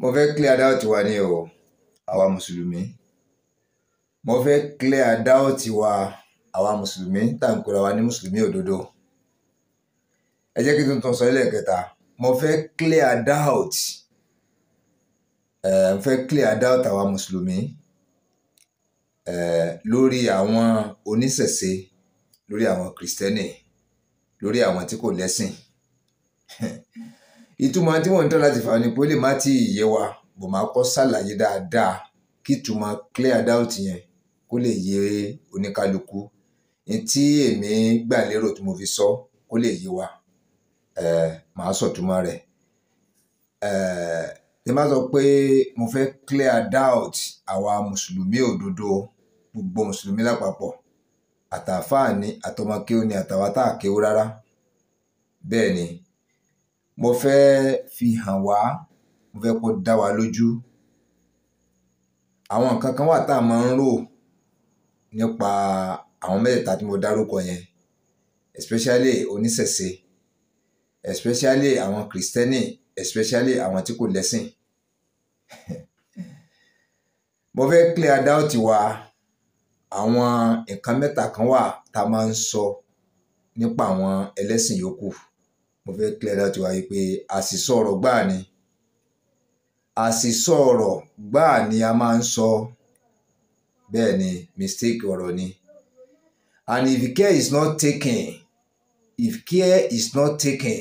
mo fẹ́ clear doubt wa ni o àwa mùsùlùmí mo fẹ́ clear doubt wa àwa mùsùlùmí tá à ń pera wa ní mùsùlùmí òdodo ẹ jẹ́ kí n tuntun sọ ilé kẹta mo fẹ́ clear doubt ẹ eh, n fẹ́ clear doubt àwa mùsùlùmí ẹ eh, lórí àwọn oníṣẹ̀ṣe lórí àwọn kìrìsìtẹ́nì lórí àwọn tí kò lẹ́sìn ìtumọ̀ tí wọ́n ń tọ́ láti fà pé ó lè má tí yé wa bò máa kọ́ ṣàlàyé dáadáa kí ìtumọ̀ clear doubt yẹn kó lè yé oníkálukú ní tí èmi gbà lérò tí mo fi sọ kó lè yé wa màá sọ̀túmọ̀ rẹ̀ tí má sọ pé mo fẹ́ clear doubt àwa mùsùlùmí òdodo gbogbo mùsùlùmí lápapọ̀ àtàfáà ni àtọmọkéwò ni àtàwátà kéwò rárá bẹ́ẹ̀ ni mo fẹ́ fi hàn wá mo fẹ́ kó dá wa lójú àwọn nǹkan kan wà tá a máa ń rò nípa àwọn mẹ́tẹ̀ẹ̀ta tí mo dárúkọ yẹn especially oníṣẹ̀ṣe especially àwọn kìrìsìtẹ́nì especially àwọn tí kò lẹ́sìn mo fẹ́ clear doubt wa àwọn nǹkan mẹ́ta kan wà tá a máa ń sọ nípa àwọn ẹlẹ́sìn yòókù mo fẹ́ clear láti wáyé pé àṣìsọ ọ̀rọ̀ gbáà ni àṣìsọ ọ̀rọ̀ gbáà ni a máa ń sọ bẹ́ẹ̀ ni mistake ọ̀rọ̀ ni and if care is not taken if care is not taken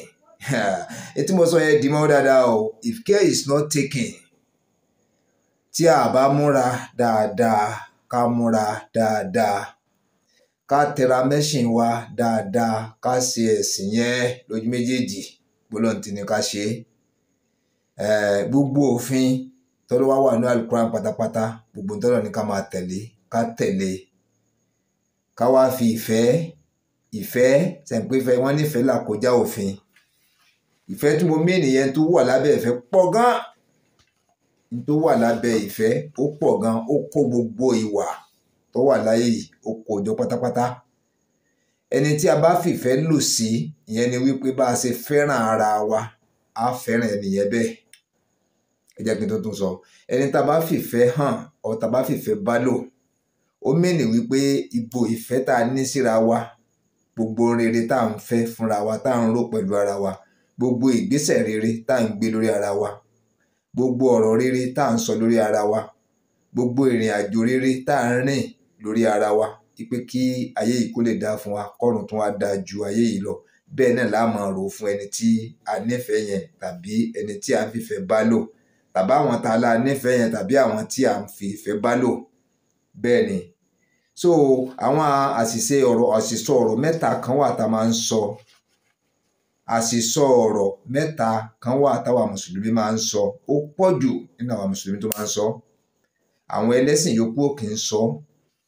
etí mo sọ yẹn di mọ́ dáadáa o if care is not taken tí a bá múra dáadáa ká múra dáadáa ká tẹra mẹ́sìn wa dáadáa ká ṣe ẹ̀sìn yẹn lójú méjèèjì gbólóǹtì ni ká ṣe é gbogbo òfin tọ́lọ́ wá wà ní alukuran pátápátá gbogbo tọ́lọ́ ni ká máa tẹ̀lé ká tẹ̀lé ká wá fi ìfẹ́ ìfẹ́ sẹ̀ǹpẹ́fẹ́ wọn nífẹ̀ẹ́ là kọjá òfin ìfẹ́ tí mo mí nìyẹn tó wà lábẹ́ ìfẹ́ pọ̀ gan-an tó wà lábẹ́ ìfẹ́ ó pọ̀ gan-an ó kó gbogbo ìwà tó wà láyé yìí ó kó jọ pátápátá ẹni tí a bá fìfẹ́ lò sí ìyẹn ni wípé bá a ṣe fẹ́ràn ara wa á fẹ́ràn ẹnìyẹn bẹ́ẹ̀ ẹ jẹ́ kí n tó tún sọ ẹni tá a bá fìfẹ́ hàn ọ̀ tá a bá fìfẹ́ bá lò ó mẹ́ni wípé ipò ìfẹ́ tá a ní síra wa gbogbo rere tá à ń fẹ́ fúnra wa tá à ń rò pẹ̀lú ara wa gbogbo ìgbésẹ̀ rere tá à ń gbé lórí ara wa gbogbo ọ̀rọ̀ rere tá à ń sọ lórí ara wa gbogbo ìrìn àjò rere tá à ń rìn lórí ara wa wípé kí ayé yìí kó lè dáa fún wa kọ́run tún wá dáa ju ayé yìí lọ bẹ́ẹ̀ náà la máa rò fún ẹni tí a nífẹ̀ẹ́ yẹn tàbí ẹni tí a ń fìfẹ́ bá lò tàbí àwọn tá a la nífẹ̀ẹ́ yẹn tàbí àwọn tí a fi ìfẹ́ bá lò bẹ́ẹ̀ ni so àwọn àṣìṣe ọ̀rọ̀ àṣìṣọ ọ̀rọ̀ mẹ́ta kan wà tá a máa ń sọ àṣìṣọ ọ̀rọ̀ mẹ́ta kan wà táwa mùsùlùmí máa ń sọ ó pọ̀ jù nínú àwọn mùsùlùmí tó máa ń sọ àwọn ẹlẹ́sìn yòókù ò kì sọ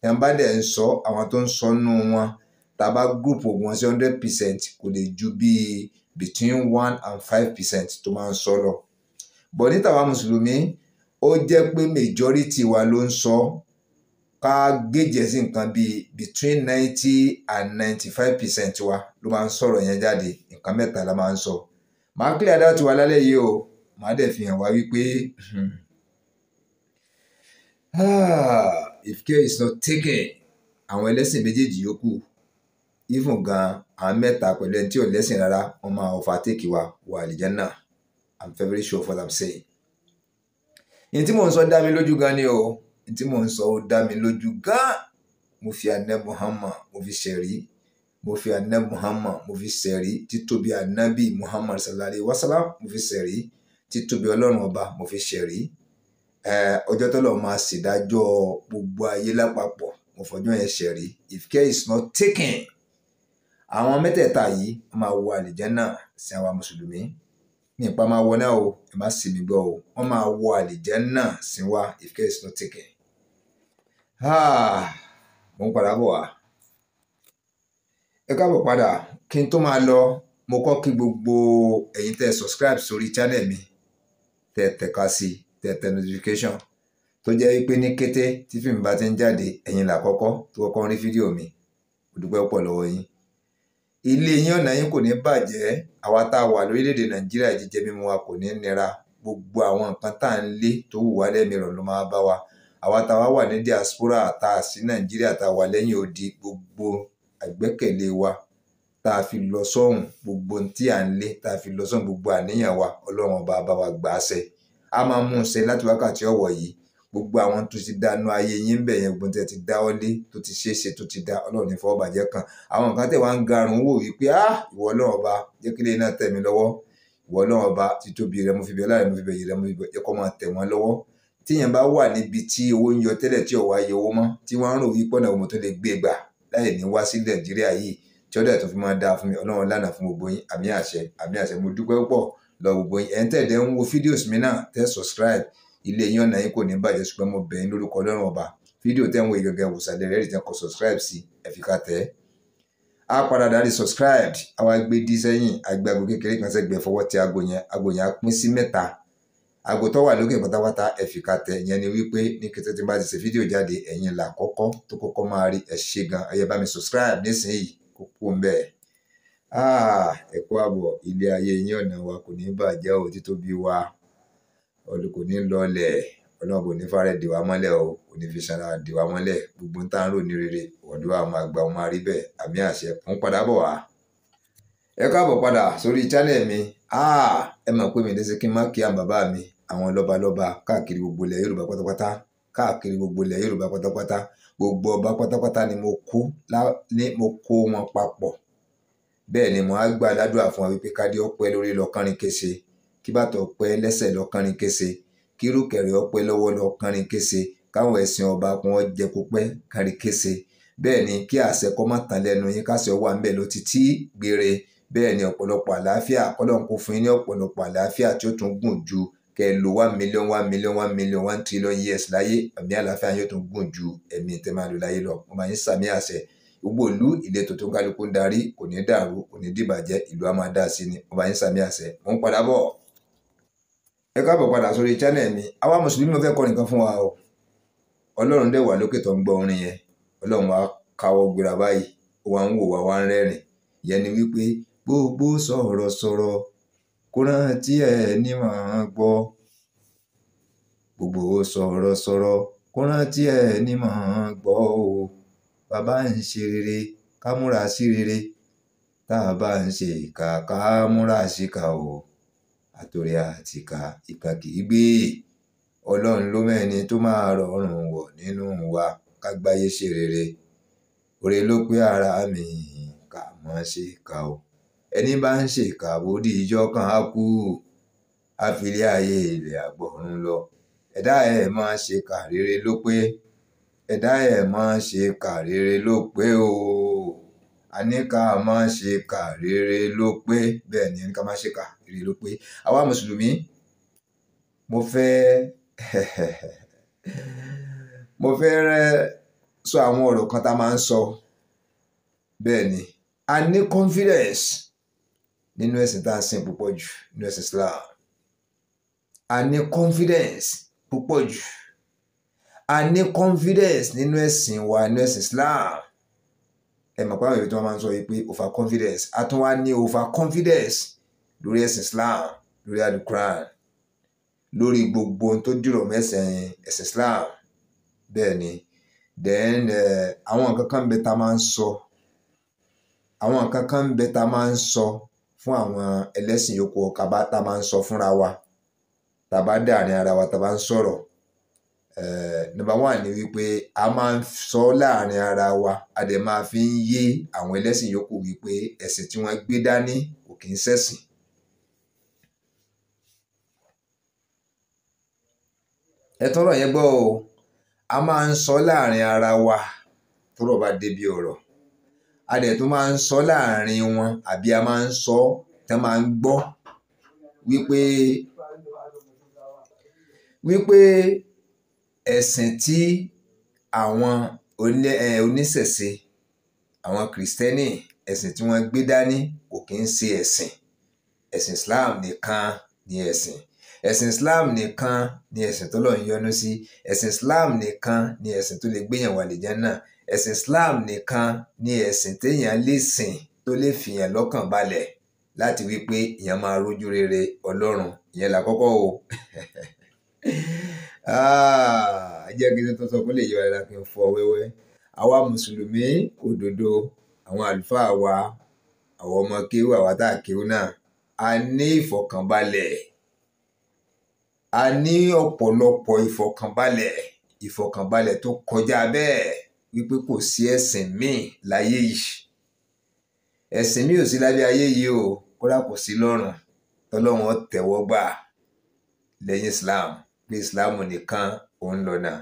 yẹn bá dẹ̀ ń sọ àwọn tó ń sọ nù wọn tá a bá group wọn sí hundred percent kò lè ju bíi between one and five percent tó máa ń sọ lọ bọ̀ ní tàwa mùsùlùmí ó jẹ́ pé majority wa ló ń sọ ká gèjè sí nǹkan bíi between ninety and ninety-five percent wa ló máa ń sọ̀rọ̀ yẹn jáde nǹkan mẹ́ta la máa ń sọ màá clear dá tiwa lálẹ́ yìí o màá dẹ̀ fi hàn wá wípé. Hmm, ah if care is not taken àwọn ẹlẹ́sìn méjèèjì yòókù even gan àwọn mẹ́ta pẹ̀lú ẹni tí ò lẹ́sìn rárá wọ́n máa overtake wa wọ àlìjánà i'm very sure of what i'm saying. ní tí mò ń sọ dá mi lójú gan ni o ní tí mò ń sọ ó dá mi lójú gan mo fi ànẹ́ Muhammad mo fi ṣẹ̀rí mo fi ànẹ́ Muhammad mo fi ṣẹ̀rí títóbi ànábì Muhammad sallallahu alayhi wa sallam mo fi ṣẹ̀rí títóbi ọlọ́run ọba mo fi ṣẹ̀rí ọjọ́ tó lọ́ọ́ máa ṣèdájọ́ gbogbo ayé lápapọ̀ mo fọjọ́ yẹn ṣẹ̀rí if care is not taken àwọn mẹ́tẹ̀ẹ̀ta yìí máa wọ àlìjẹ́nà sí àwa mùsùlùmí ní ipa máa wọ náà o ẹ má sì mí gbọ́ o wọ́n máa wọ àlìjẹ́nà sí wa if care is not taken. Ah, mo ń padà bọ̀ wá ẹ káàbọ̀ padà kí n tó máa lọ mo kọ́ kí gbogbo ẹ̀yin tẹ́ subscribe sórí channel mi tẹ́ tẹ̀ka sí i tẹ̀tẹ̀nù education tó jẹ́ wípé ní kété tí fíìmù bá ti ń jáde ẹ̀yin là tó kọ́kọ́ ń rí fídíò mi mo dúpẹ́ púpọ̀ lọ́wọ́ yín ilé yín ọ̀nà yín kò ní bàjẹ́ àwa tá a wà lórílẹ̀‐èdè nàìjíríà jíjẹ mímu wa kò ní nira gbogbo àwọn nǹkan tá à ń lé tó wù wá lẹ́mìí rọ̀ ló máa bá wa àwa tá a wá wà ní diaspora tá a sí nàìjíríà tá a wà lẹ́yìn odi gbogbo àgbẹ́kẹ̀lé wa tá a fi lọ sọ́hùn gbogbo tí à ń lé tá a fi lọ sọ́hùn gbogbo àníyàn wa ọlọ́run ọba bá wa gbà á sẹ́yìn a máa mú un ṣe láti wákàtí ọ̀wọ̀ yìí gbogbo àwọn tó ti dánú ayé yín bẹ̀ yẹn gbọ́n tẹ́ ti dáwọ́lé tó ti ṣe é ṣe tó ti dá ọlọ́run ní fọwọ́ bàjẹ́ kan àwọn nǹkan tẹ̀ wá ń garun wò wípé ah ìwọ ọlọ́run ọba jẹ́ kí lẹ́yìn náà tẹ̀ mí lọ́wọ́ ìwọ ọlọ́run ọba títóbi rẹ mo fi bẹ̀ láàrin mo fi bẹ̀ yìí rẹ mo fi bẹ̀ ẹ̀kọ́ máa tẹ̀ wọ́n lọ́wọ́ tíyẹn bá wà níbi tí owó ń yọ tẹ́lẹ̀ tí ọ̀wá yọ owó mọ́ lọ gbogbo ẹ̀ ń tẹ̀dẹ̀ ń wo fídíòs mi náà tẹ́ subscribe ilé yín ọ̀nà yín kò ní bàjẹ́ ṣùgbọ́n mo bẹ̀ yín lórúkọ ọlọ́run ọba fídíò tẹ́ ń wo ìgẹ̀gẹ̀ wòsàdẹ̀ rẹ̀ tẹ́ kọ subscribe sí ẹ fi ká tẹ́ a padà dárí subscribed àwa gbé dí sẹ́yìn àgbẹ̀ aago kékeré kan sẹ́gbẹ̀ẹ́ fọwọ́ ti aago yẹn aago yẹn á pín sí mẹ́ta aago tó wà lókè pátápátá ẹ fi ká tẹ́ yẹn ni wípé ní kété tí n bá ti ṣe fídíò jáde ẹ̀yin là kọ́kọ́ tó kọ́kọ́ máa rí ẹ ṣé gan ẹ bá mi subscribe nísìnyí kó kú bẹ́ẹ̀ háà ah, ẹ kú àbọ̀ ilé ayé yín ọ̀nà wa kò ní bàjẹ́ o títóbi wa ọdún kò ní lọlẹ̀ ọlọ́run kò ní fàárẹ̀ dìwà mọ́lẹ̀ o kò ní fi sanra dìwà mọ́lẹ̀ gbogbo ń tán rò ní rere ọ̀dọ́ àwọn àgbà wọn máa rí bẹ́ẹ̀ àmì àṣẹ ń padà bọ̀ wá. ẹ káàbọ̀ padà sórí channel mi ah, ẹ mọ̀ pé mi ní sí má kí àwọn bàbá mi àwọn lọ́balọ́ba káàkiri gbogbo ilẹ̀ Yorùbá pátápátá káàkiri gbogbo ilẹ̀ Yorùbá pátápátá gbogbo ọba pátápátá ni mo kó wọn papọ̀ bẹ́ẹ̀ ni mo á gbà ládùúrà fún wa wípé kádé ọpẹ́ lórí lọ́kànrin kése kí bàtọ̀ ọpẹ́ lẹ́sẹ̀ lọ́kànrin kése kí rúkẹ̀rẹ̀ ọpẹ́ lọ́wọ́ lọ́kànrin kése káwọn ẹ̀sìn ọba kún ọ jẹ kó pẹ́ kárí kése bẹ́ẹ̀ ni kí àṣẹ kọ́ má tán lẹ́nu yín káṣẹ wà ń bẹ̀ ló ti tí gbére bẹ́ẹ̀ ni ọ̀pọ̀lọpọ̀ àlàáfíà kọ́lọ́n kó fún yín ní ọ̀pọ̀lọpọ̀ àlàáfíà tí ó tún gùn ju kẹ́ lo one million one million one million one trillion years láyé ẹ̀mí àlàáfíà yóò tún gùn ju ẹ̀mí tẹ́ máa lò láyé lọ mo máa ń sàmì àṣẹ gbogbo ìlú ìletò tó ń kálukú ń darí kò ní dàrú kò ní dìbàjẹ́ ìlú á máa dá sí ni ọba yín Sàmí Àṣẹ mò ń padà bọ̀ ẹ káàbọ̀ padà sórí channel mi àwa mùsùlùmí ló fẹ́ kọ́ nìkan fún wa o ọlọ́run dẹ̀ wà lókè tó ń gbọ́ orin yẹn ọlọ́run wa káwọ́ gbéra báyìí ó wà ń wò wá wá ń rẹ́rìn ìyẹn ni wípé gbogbo sọ̀rọ̀ kó rántí ẹ̀ ní màá gbọ́ gbogbo sọ̀rọ̀ kó rántí ẹ̀ ní màá gbọ́ o. bàbá ń ṣe rere ká múra sí rere tá a bá ń ṣe ìkà ká múra o àtòrè àtìkà ìkà kì í gbé ọlọ́run ló mẹ́ni tó máa rọrùn wọ̀ nínú wa ká gbáyé ṣe rere òre ló pé ara mi kà mọ́ ṣe ka o ẹni bá ń ṣe o di ìjọ kan á kú àfilẹ́ ayé ilẹ̀ àgbọ̀run lọ ẹ̀dá ẹ̀ máa ṣe kà rere ló pé. ẹ̀dá ẹ̀ máa ṣe kà rere ló pé o àní ká máa ṣe kà rere ló pé bẹ́ẹ̀ ni àní ká máa ṣe kà rere ló pé àwa mùsùlùmí mo fẹ́ mo fẹ́ rẹ́ sọ àwọn ọ̀rọ̀ kan tá a máa ń sọ bẹ́ẹ̀ ni a ní confidence nínú ẹ̀sìn tá a sìn púpọ̀ jù nínú ẹ̀sìn Islam a ní confidence púpọ̀ jù a ní confidence nínú ẹ̀sìn wa nínú ẹ̀sìn Islam ẹ mọ̀ pé àwọn èèyàn tí wọ́n máa ń sọ yìí pé over confidence a tún wá ní over confidence lórí ẹ̀sìn Islam lórí alukuran lórí gbogbo ohun tó dìrọ̀ mẹ́sìn ẹ̀sìn Islam bẹ́ẹ̀ ni then àwọn nǹkan kan bẹ tá a máa ń sọ àwọn nǹkan kan bẹ tá a máa ń sọ fún àwọn ẹlẹ́sìn yòókù ọ̀kà bá tá máa ń sọ fúnra wa tá a bá dáàrin ara wa tá ń sọ̀rọ̀ Eh, number one ni wípé a máa ń sọ láàrin ara wa a dẹ̀ máa fi ń yé àwọn ẹlẹ́sìn yòókù wípé ẹ̀sìn tí wọ́n gbé dání kò kì í ṣẹ̀sìn. ẹ tọrọ yẹn gbọ́ o a máa ń sọ láàrin ara wa tọ́rọ̀ bá débi ọ̀rọ̀ a dẹ̀ tún máa ń sọ láàrin wọn àbí a máa ń sọ tán máa ń gbọ́ wípé wípé ẹ̀sìn tí àwọn oníṣẹ̀ṣe àwọn kìrìsìtẹ́nì ẹ̀sìn tí wọ́n gbé dání kò kí ń ṣe ẹ̀sìn ẹ̀sìn Islam nìkan ni ẹ̀sìn ẹ̀sìn Islam nìkan ni ẹ̀sìn tó lọ́n yọ́nú sí ẹ̀sìn Islam nìkan ni ẹ̀sìn tó lè gbéyàn wà lè jẹ́nà ẹ̀sìn Islam nìkan ni ẹ̀sìn téèyàn lè sìn tó lè fìyàn lọ́kàn balẹ̀ láti wípé èèyàn máa rójú rere Ọlọ́run ìyẹn làkọ́kọ́ o Ah, jẹ́ kí n tó sọ pé lè yọ ẹ̀rọ kí n fọ wẹ́wẹ́ àwa mùsùlùmí òdodo àwọn àlùfáà wa àwọn ọmọ kéwú àwa tá a náà a ní a ní ọ̀pọ̀lọpọ̀ ìfọ̀kànbalẹ̀ ìfọ̀kànbalẹ̀ tó kọjá bẹ́ẹ̀ wípé kò sí ẹ̀sìn míì láyé yìí ẹ̀sìn míì ò sí lábẹ́ o kódà kò sí lọ́rùn gbà Islam pé islam nìkan òun lọ́nà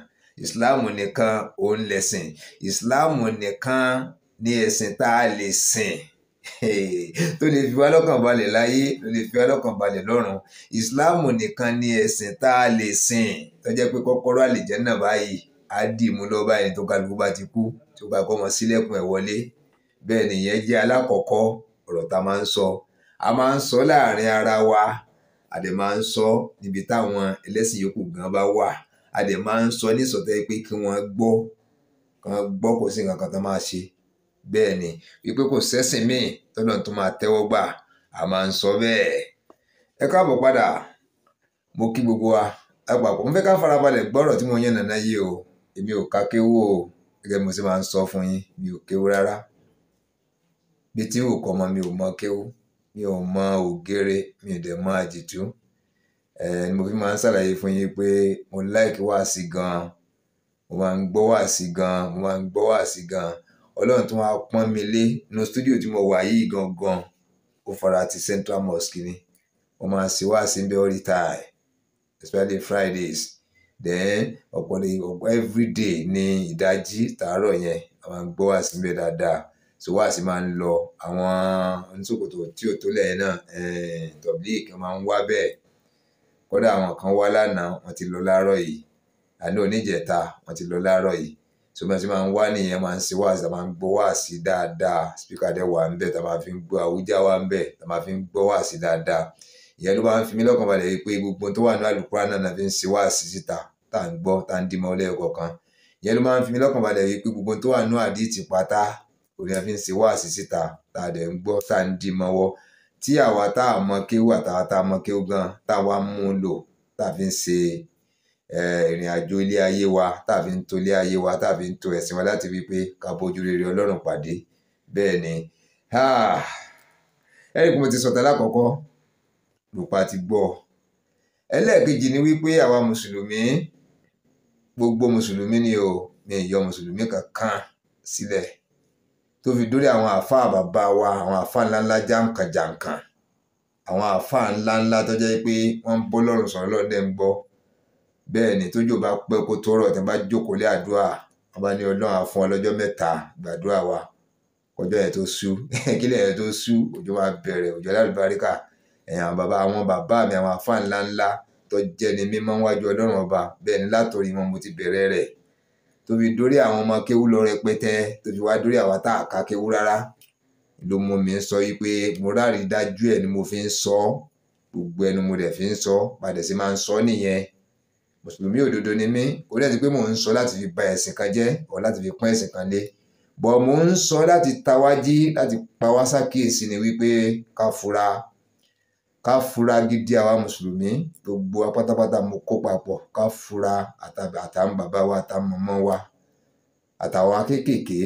islam nìkan òun lẹ̀sìn islam nìkan ní ẹ̀sìn tá a lè sìn tó lè fi wá lọ́kàn balẹ̀ láyé tó lè fi wá lọ́kàn balẹ̀ lọ́run ìsìláàmù nìkan ni ẹ̀sìn tá a lè sìn tó jẹ́ pé kọ́kọ́rọ́ àlìjẹ́nà báyìí á dì mú lọ báyìí tó kálukú bá ti kú tó gba kọ́mọ sílẹ̀kùn ẹ̀ wọlé bẹ́ẹ̀ nìyẹn jẹ́ alákọ̀ọ́kọ́ ọ̀rọ̀ tá máa ń sọ a máa ń sọ láàrin ara wa a dẹ̀ máa ń sọ níbi táwọn ẹlẹ́sìn yòókù gan bá wà a dẹ̀ máa ń sọ ní ìsọtẹ́ pé kí wọ́n gbọ́ kan gbọ́ kò sí nǹkan tó máa ṣe bẹ́ẹ̀ ni wípé kò sẹ́sìn míì tọ́lọ́run tó máa tẹ́wọ́ gbà a máa ń sọ bẹ́ẹ̀ ẹ káàbọ̀ padà mo kí gbogbo wa àpapọ̀ mo fẹ́ ká farabalẹ̀ gbọ́rọ̀ tí mo yàn nàná yìí o èmi ò ká kéwò o gẹ́gẹ́ bí mo ṣe máa ń sọ fún yín mi ò kéwò rárá bí tí ò kọ́ ọmọ mi ò mọ kéwò mi ò mọ ògèrè, mi ò dẹ̀ mọ àdìtú. Ehn, mo fi máa ń ṣàlàyé fún yín pé mo like wáàsí gan-an, mo máa ń gbọ́ wáàsí gan mo máa ń gbọ́ wáàsí gan-an. Ọlọ́run tún wá pọ́n mi lé inú studio tí mo wà yìí gangan. Ó fara ti Central Mosque ni. Wọ́n máa ń ṣe wáàsí níbẹ̀ all the especially Fridays. Then ọ̀pọ̀ everyday ni ìdájí tààrọ̀ yẹn, a máa ń gbọ́ wáàsí níbẹ̀ dáadáa so wáàsí máa ń lọ àwọn oníṣòkòtò tí ò tó lẹ́yìn náà tọ̀bílì eh, kan máa ń wá bẹ́ẹ̀ kódà àwọn kan wá lánàá wọ́n ti lọ láàárọ̀ yìí àní oníjẹta wọ́n ti lọ láàárọ̀ yìí so bí wọ́n ti máa ń wá nìyẹn máa ń ṣe wáàsí tá máa ń gbọ́ wáàsí dáadáa spíkà dẹ̀ wà ń bẹ̀ tá máa fi ń gbọ́ àwùjá wà ń bẹ̀ tá máa fi ń gbọ́ wáàsí dáadáa ìyẹn ló máa ń fi mí lọ́kàn balẹ̀ pé gbogbo tó wà ní àlùkùránì náà fi ń ṣe wáàsí síta tá ń gbọ́ tá ń dìmọ́ lẹ́ẹ̀kọ̀ọ̀kan ìyẹn ló máa ń fi mí lọ́kàn balẹ̀ pé gbogbo tó wà ní àdìtì pátá orin àfi ń ṣe wáàsí síta tá a dẹ̀ ń gbọ́ tá a ń dì mọ́wọ́ tí àwa tá a mọ kéwù àtàwa tá a mọ kéwù gan tá a wá mú un lò tá a fi ń ṣe ìrìn àjò ilé ayé wa tá a fi ń to ilé ayé wa tá a fi ń to ẹ̀sìn wa láti fi pé ká bójú rere ọlọ́run pàdé bẹ́ẹ̀ ni ẹ̀ríkù mo ti sọ̀tà lákọ̀ọ́kọ́ lùpá ti gbọ́ ẹlẹ́ẹ̀kejì ni wípé àwa mùsùlùmí gbogbo mùsùlùmí ni o mi ì yọ mùsùlùmí kankan sílẹ̀. Si tó fi dórí àwọn àáfàá bàbá wa àwọn àáfàá ńláńlá jàǹkànjàǹkàn àwọn àáfàá ńláńlá tó jẹ́ pé wọ́n ń bọ́ lọ́rùn sọ̀rọ̀ lọ́dẹ ń gbọ́ bẹ́ẹ̀ ni tójò bá pẹ́ kó tó rọ̀ tí wọ́n bá jókòó lé àdúrà wọ́n bá ní ọlọ́run á ọ lọ́jọ́ mẹ́ta gbàdúrà wa ọjọ́ yẹn tó sú kílẹ̀ yẹn tó sú òjò máa bẹ̀rẹ̀ òjò lálùbáríkà ẹ̀yàn àwọn bàbá àwọn bàbá mi àwọn àáfàá ńláńlá tó jẹ́ ni mímọ́ wájú ọlọ́run ọba bẹ́ẹ̀ ni látòrí wọn mo ti bẹ̀rẹ̀ rẹ̀ tó fi dórí àwọn ọmọ kéwú lọ rẹpẹtẹ tó fi wá dórí àwa tá a ka kéwú rárá ló mú mi sọ yìí pé mo rárí dájú ẹ ni mo fi ń sọ gbogbo ẹnu mo dẹ̀ fi ń sọ padà sí máa ń sọ nìyẹn mùsùlùmí òdodo ni mí kò dẹ̀ ti pé mò ń sọ láti fi ba ẹ̀sìn kan jẹ́ ọ̀ láti fi pọ́n ẹ̀sìn kan lé bọ̀ mò ń sọ láti tawájí láti pa wá sákìyèsí ni wípé ká fura ká fura gidi àwa mùsùlùmí gbogbo apátápátá mo kó papọ̀ ká fura àtàwọn bàbá wa àtàwọn mọ̀mọ́ wa àtàwọn akékèké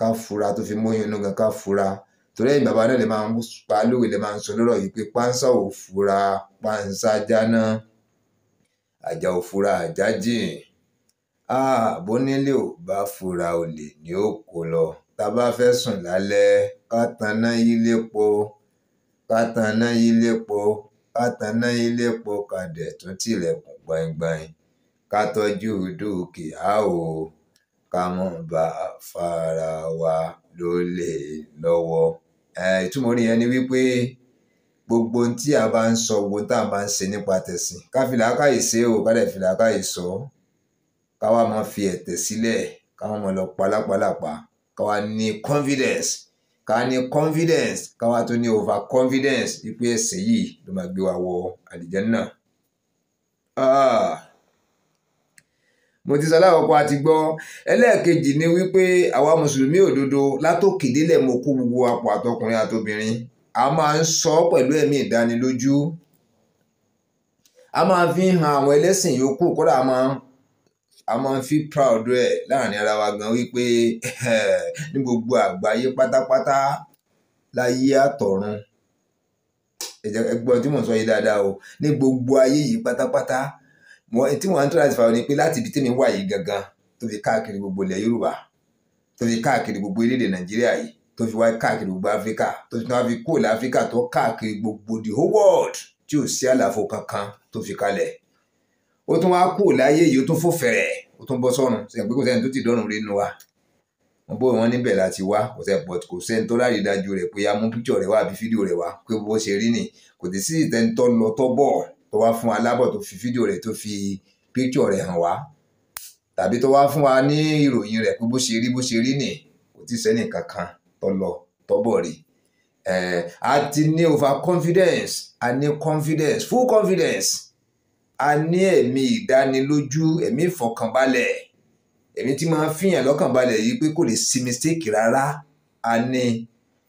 ká fura tó fi móyún inú gan ká fura torí ẹ̀yin bàbá náà lè máa ń pa lówe lè máa ń sọ lọ́rọ̀ yìí pé pánsá ò fura pánsá jáná àjà ò fura àjà jìn ààbò nílé ò bá fura olè ní òkò lọ tá a bá fẹ́ sùn lálẹ́ ká taná yílé po ká tanná ilépo ká tanná ilépo ká dẹ̀ tún tilẹ̀kùn gbaingbain ká tọ́jú dúkìá o ká má ba fara wa lólè lọ́wọ́. ìtumọ̀ orin yẹn ni wípé gbogbo tí a bá ń sọ gbogbo ohun tá a bá ń ṣe nípa tẹ̀sìn ká fi làákàyè ṣe o ká dẹ̀ fi làákàyè sọ ká wá máa fi ẹ̀tẹ̀ sílẹ̀ ká má lọ palápalàpá ká wá ní confidence ká ní confidence káwa tó ní over confidence wípé ẹ̀sìn yìí ló máa gbé wa wọ àlìjẹ́nnà. Ah. mo ti sọlá ọkọ àti gbọ́ ẹlẹ́ẹ̀kejì ni wípé àwa mùsùlùmí òdodo látòkè délẹ̀ mo kó gbogbo àpò àtọkùnrin àtobìnrin a máa ń sọ pẹ̀lú ẹ̀mí ìdánilójú a máa fi hàn àwọn ẹlẹ́sìn yòókù kódà máa ń a máa ń fi proud rẹ̀ láàrin ara wa gan wípé ní gbogbo àgbáyé pátápátá láyé àtọ̀run ẹgbọ́n tí mò ń sọ yìí dáadáa o ní gbogbo ayé yìí pátápátá tí wọ́n ń tọ́ra ti fà ní pé láti ibi tí mi wà yìí gangan tó fi káàkiri gbogbo ilẹ̀ Yorùbá tó fi káàkiri gbogbo orílẹ̀-èdè Nàìjíríà yìí tó fi wá káàkiri gbogbo Áfíríkà tó fi wá fi kó láfíríkà tó káàkiri gbogbo the whole world tí ò sí àlàfo kankan tó fi kalẹ̀ ó tún wá kú láyé yìí ó tún fò fẹ̀rẹ̀ ó tún bọ́ sọ́run sẹ́yìn pé kò sẹ́ni tó ti dọ́run rí nu wa wọ́n bó wọn níbẹ̀ láti wá kò sẹ́ pọ̀ kò sẹ́ni tó láàyè dájú rẹ̀ pé a mú píkṣọ̀ rẹ̀ wá àbí fídíò rẹ̀ wá pé bó ṣe rí ni kò tí sí ìtẹ́ntọ́ lọ tọ́ bọ̀ tó wá fún alábọ̀ tó fi fídíò rẹ̀ tó fi píkṣọ̀ rẹ̀ hàn wá tàbí tó wá fún wa ní ìròyìn rẹ̀ pé bó ṣe rí bó ṣe rí ni kò tí sẹ́ni kankan tọ́ lọ tọ́ bọ̀ rí a ti ní over confidence a ní confidence full confidence a ní ẹ̀mí ìdánilójú ẹ̀mí ìfọkànbalẹ̀ ẹ̀mí tí máa ń fìyàn lọ́kànbalẹ̀ yìí pé kò lè sí mistake rárá a ní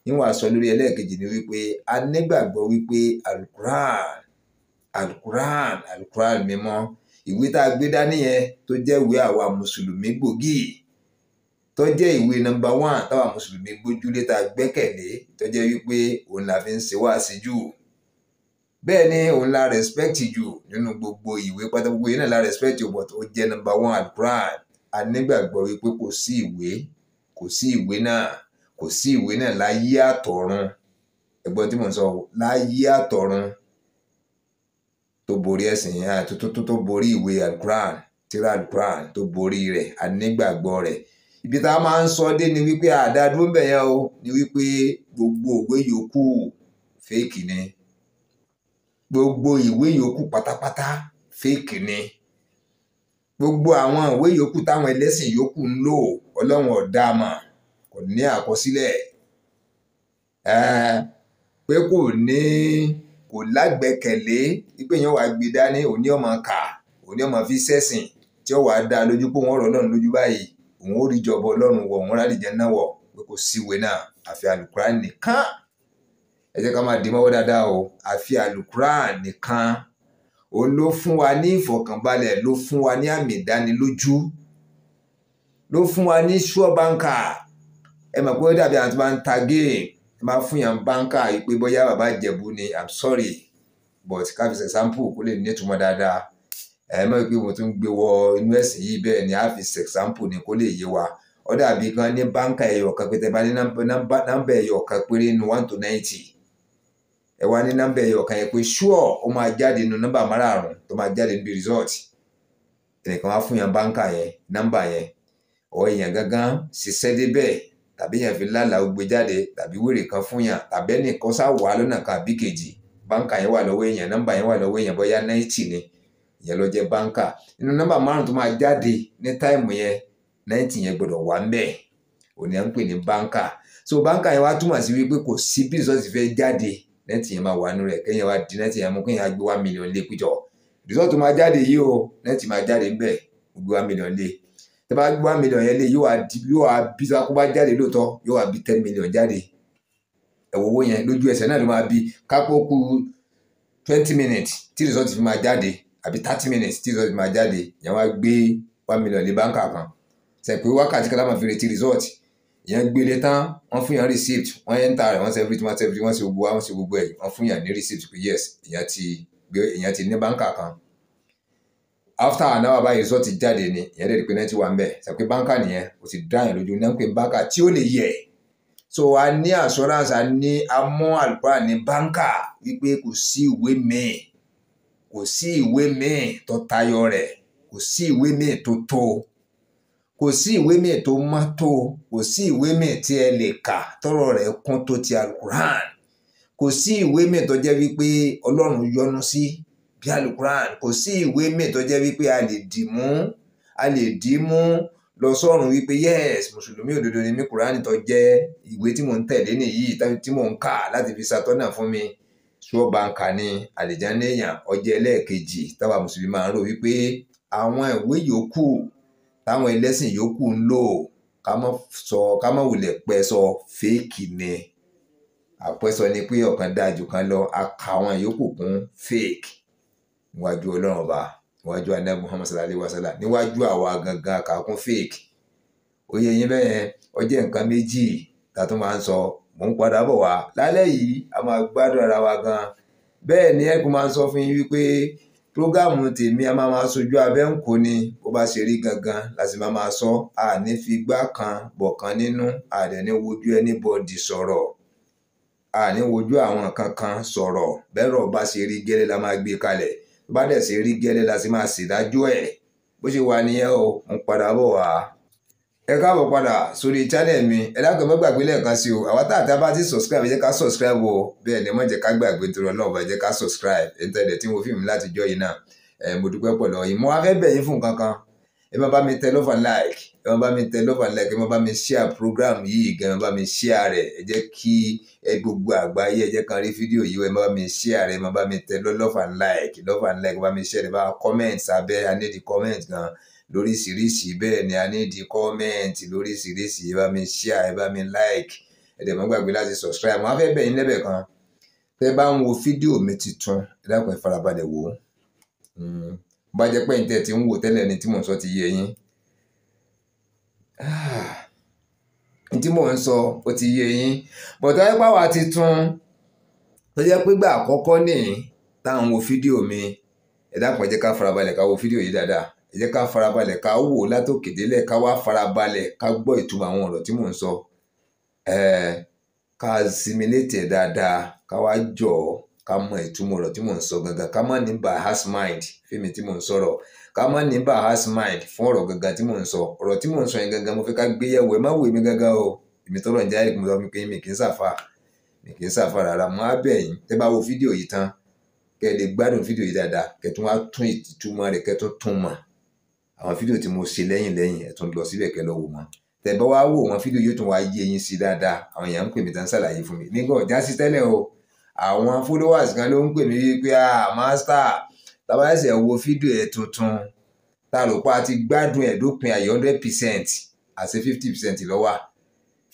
níwọ̀n aṣọ lórí ẹlẹ́ẹ̀kejì ni wípé a nígbàgbọ́ wípé alukuran alukuran alukuran mímọ́ ìwé tá a gbé dání yẹn tó jẹ́ ìwé àwa mùsùlùmí gbòógì tó jẹ́ ìwé nọ́mbà wán táwa mùsùlùmí gbójúlé tá a gbẹ́kẹ̀lé tó jẹ́ wípé òun la ń ṣe wá síjú. Si bẹ́ẹ̀ ni òun la respect jù nínú gbogbo ìwé pátá gbogbo yìí náà la respect jù but ó jẹ́ number one alukuran a nígbàgbọ́ wípé kò sí ìwé kò sí ìwé náà kò sí ìwé náà láyé àtọ̀run ẹgbọ́n tí mo sọ láyé àtọ̀run tó borí ẹ̀sìn tó borí ìwé alukuran tíra alukuran tó borí rẹ̀ a nígbàgbọ́ rẹ̀ ibi tá a máa ń sọ dé ni wípé àdádúró bẹ̀yẹn o ni wípé gbogbo òwe yòókù fake ni gbogbo ìwé yòókù pátápátá fake ni gbogbo àwọn ìwé yòókù táwọn ẹlẹ́sìn yòókù ń lò ọlọ́run ọ̀dà mà kò ní àkọsílẹ̀ pé kò ní kò lágbẹ́kẹ̀lé pé èèyàn wàá gbé dání òní ọmọ kà òní ọmọ fi sẹ́sìn tí ó wàá dá lójú pé òun ọ̀rọ̀ náà lójú báyìí òun ó rí jọ̀bọ̀ ọlọ́run wọ̀ òun rálẹ̀ jẹ́ náà pé kò síwèé náà àfi àlùkùránì nìkan ẹ jẹ́ ká máa dì mọ́wọ́ dáadáa o àfi alukuran nìkan òun ló fún wa ní ìfọ̀kànbalẹ̀ ló fún wa ní àmì ìdánilójú ló fún wa ní sure banka ẹ mọ̀ pé ó dàbí àwọn tó bá ń ta géèmù máa fún yàn banka ìpè bóyá bàbá ìjẹ̀bú ni i'm sorry but ká fi ṣe sample kó lè nítumọ̀ dáadáa ẹ mọ̀ pé mo tún gbé wọ inú ẹ̀sìn yìí bẹ́ẹ̀ ni a fi ṣe ni kó lè yé wa ó dàbí kan ní banka ẹ̀yọ̀ kan pété bá ní nọ́mbà ẹ̀yọ̀ kan péré nu one to ninety ẹ wá ní nọ́mbà ẹ̀yọ̀ kan yẹn pé ṣúọ̀ ó máa jáde nínú nọ́mbà márààrún tó máa jáde níbi result ẹnìkan wá fún yàn báńkà yẹn nọ́mbà yẹn ọ̀ èèyàn gangan ṣiṣẹ́ débẹ̀ tàbí yàn fi lálàá ó gbé jáde tàbí wèrè kan fún yàn tàbí ẹnìkan sá wà lọ́nà kan àbí kejì báńkà yẹn wà lọ́wọ́ èèyàn nọ́mbà yẹn wà lọ́wọ́ èèyàn bóyá náìtì ni ìyẹn ló jẹ́ báńkà nínú nọ́mbà márùn tó máa jáde ní táìmù yẹn náìtì yẹn gbọ́dọ̀ so báńkà yẹn wá túmọ̀ sí wípé kò nẹ́ẹ̀tì yẹn máa wà nínú rẹ̀ kéèyàn wá di nẹ́ẹ̀tì yẹn mú kéèyàn gbé one million lé pítọ̀ rìsọ́ọ̀tù máa jáde yìí o nẹ́ẹ̀tì máa jáde ń bẹ̀ gbé one million lé tẹ́ bá gbé one million yẹn lé yóò wá bí sáko bá jáde lóòótọ́ yóò wá bí ten million jáde ẹ̀wọ̀ owó yẹn lójú ẹsẹ̀ náà ló máa bí kápó kú twenty minutes tí result fi máa jáde àbí thirty minutes tí result fi máa jáde yẹn wá gbé one million lé báńkà kan ṣe pé ìyẹn gbélé tán wọ́n fún yàn receipt wọ́n enter rẹ̀ wọ́n ṣe everything wọ́n ṣe everything wọ́n ṣe gbogbo wọ́n ṣe gbogbo ẹ̀ wọ́n fún yàn ní receipt pé yes ìyẹn ti gbé ìyẹn ti ní báńkà kan after an hour báyìí result jáde ni ìyẹn dẹ̀ di pé ninety one bẹ́ẹ̀ ṣe pé báńkà nìyẹn o ti dá yàn lójú náà ń pè báńkà tí ó lè yẹ so a ní assurance a ní amọ́ àlùbáà ní báńkà wípé kò sí ìwé míì kò sí ìwé míì tó tayọ rẹ̀ kò sí ìwé míì tó tó kò sí ìwé míì tó mọ́ tó kò sí ìwé míì tí ẹ lè kà tọrọ rẹ̀ kún tó ti alukuran kò sí ìwé míì tó jẹ́ wípé ọlọ́run yọ́nú sí bí alukuran kò sí ìwé míì tó jẹ́ wípé a lè dì mú a lè dì mú lọ sọ́run wípé yes mùsùlùmí òdodo ni mí kùránì tó jẹ́ ìwé tí mò ń tẹ̀lé nìyí tí mò ń kà láti fi ṣàtọ́nà fún mi ṣùgbọ́n bàǹkà ni àlìjáde èèyàn ẹlẹ́ẹ̀kejì táwa mùsùlùmí máa ń rò wípé àwọn ìwé yòókù táwọn ẹlẹ́sìn yòókù ń lò ká má sọ ká má wulẹ̀ pẹ́ sọ ni àpẹ́sọ ni pé ọ̀kan dáa kan lọ a kà àwọn yòókù kún fẹ́ẹ̀kì níwájú ọlọ́run ọba níwájú anabi muhammad sallallahu alayhi wa sallam níwájú àwa gangan kà kún fẹ́ẹ̀kì oyè yín bẹ́ẹ̀ ó jẹ́ nǹkan méjì ta a tún máa ń sọ mò ń padà bọ̀ wá lálẹ́ yìí a máa gbádùn ara wa gan bẹ́ẹ̀ ni ẹ̀kún máa ń sọ fún yín wípé Prógámù tèmi a máa máa sojú abẹ́ ń kó ni bó bá ṣe rí gangan láti máa máa sọ àní figbá kan bọ̀kan nínú àdẹ̀ní wojú anybody sọ̀rọ̀ àní wojú àwọn kankan sọ̀rọ̀ bẹ́rọ̀ bá ṣe rí gẹ́lẹ́ la máa gbé kalẹ̀ bó bá dẹ̀ ṣe rí gẹ́lẹ́ la sì máa ṣèdájọ́ ẹ̀ bó ṣe wà nìyẹn o ń padà bọ̀ wá ẹ káàbọ̀ padà sórí channel mi ẹ dákun mọ́ gbàgbé lẹ́ẹ̀kan sí o àwa tààtà bá ti subscribe ẹ jẹ́ ká subscribe o bẹ́ẹ̀ ni ẹ má jẹ́ ká gbàgbé torí ọlọ́ọ̀bà ẹ jẹ́ ká subscribe internet tí mo fi mi láti jọ yìí náà ẹ mo dúpẹ́ pọ̀ lọ yìí mo wá fún kankan ẹ má bá mi tẹ love like ẹ má bá mi tẹ love like ẹ má bá mi share program yìí gan ẹ má bá mi share rẹ ẹ jẹ́ kí ẹ gbogbo àgbáyé ẹ jẹ́ kan rí fídíò yìí ẹ má bá mi share rẹ ẹ má bá mi tẹ love like love and like ẹ má bá mi share rẹ bá comment abẹ́ I need the comment gan lóríṣiríṣi bẹ́ẹ̀ ni a nídi kọ́mẹ́ǹtì lóríṣiríṣi ẹ bá mi share ẹ bá mi like ẹ dẹ̀ mọ́ gbàgbé láti subscribe wọ́n á fẹ́ bẹ̀ yín lẹ́bẹ̀ kan tẹ́ bá ń wo fídíò mi tuntun ẹ dákun ẹ farabalẹ̀ wò ó hmm. bá jẹ́ pé ǹtẹ̀ tí ń wò tẹ́lẹ̀ ni tí mò ń sọ ti yé yín ah. tí mò ń sọ ó ti yé yín bọ̀dọ̀ ẹ pàwọ́ àti tun tó jẹ́ pé gbà àkọ́kọ́ nìyí táwọn wo fídíò mi ẹ dákun ẹ jẹ́ ká farabalẹ̀ ká wo fídíò yìí dáadáa ẹ jẹ́ ká farabalẹ̀ ká wò látòkè délẹ̀ ká wá farabalẹ̀ ká gbọ́ ìtumọ̀ àwọn ọ̀rọ̀ tí mò ń sọ ká similate ẹ̀ dáadáa ká wá jọ ká mọ ìtumọ̀ ọ̀rọ̀ tí mò ń sọ gangan ká má ní bahas mind fíìmù tí mò ń sọ̀rọ̀ ká má ní bahas mind fún ọ̀rọ̀ gangan tí mò ń sọ ọ̀rọ̀ tí mò ń sọ yẹn gangan mo fẹ́ ká gbé yẹ̀wò ẹ má wò mí gangan o èmi tọ́lọ̀ ń jáde mo sọ pé mi kì í sàfà mi kì í sàfà rárá mo á bẹ̀ yín tẹ́ bá wo fídíò yìí tán kẹ́ lè gbádùn fídíò yìí dáadáa kẹ́ tún wá tún ìtumọ̀ rẹ̀ kẹ́ tún tún mọ̀ àwọn fídíò tí mo ṣe lẹ́yìn lẹ́yìn ẹ tún lọ síbẹ̀ kẹ́ lọ wò wọ́n tẹ̀bọ́ wá wò wọ́n fídíò yóò tún wá yé yín sí dáadáa àwọn èèyàn ń pè mí tán ṣàlàyé fún mi nígbà ọ̀já sí tẹ́lẹ̀ o àwọn followers kan ló ń pè mí wípé ah master tabaṣẹ̀ wo fídíò ẹ̀ tuntun ta ló pa ti gbádùn ẹ̀ dópin àyè hundred percent àti fifty percent lọ́wọ́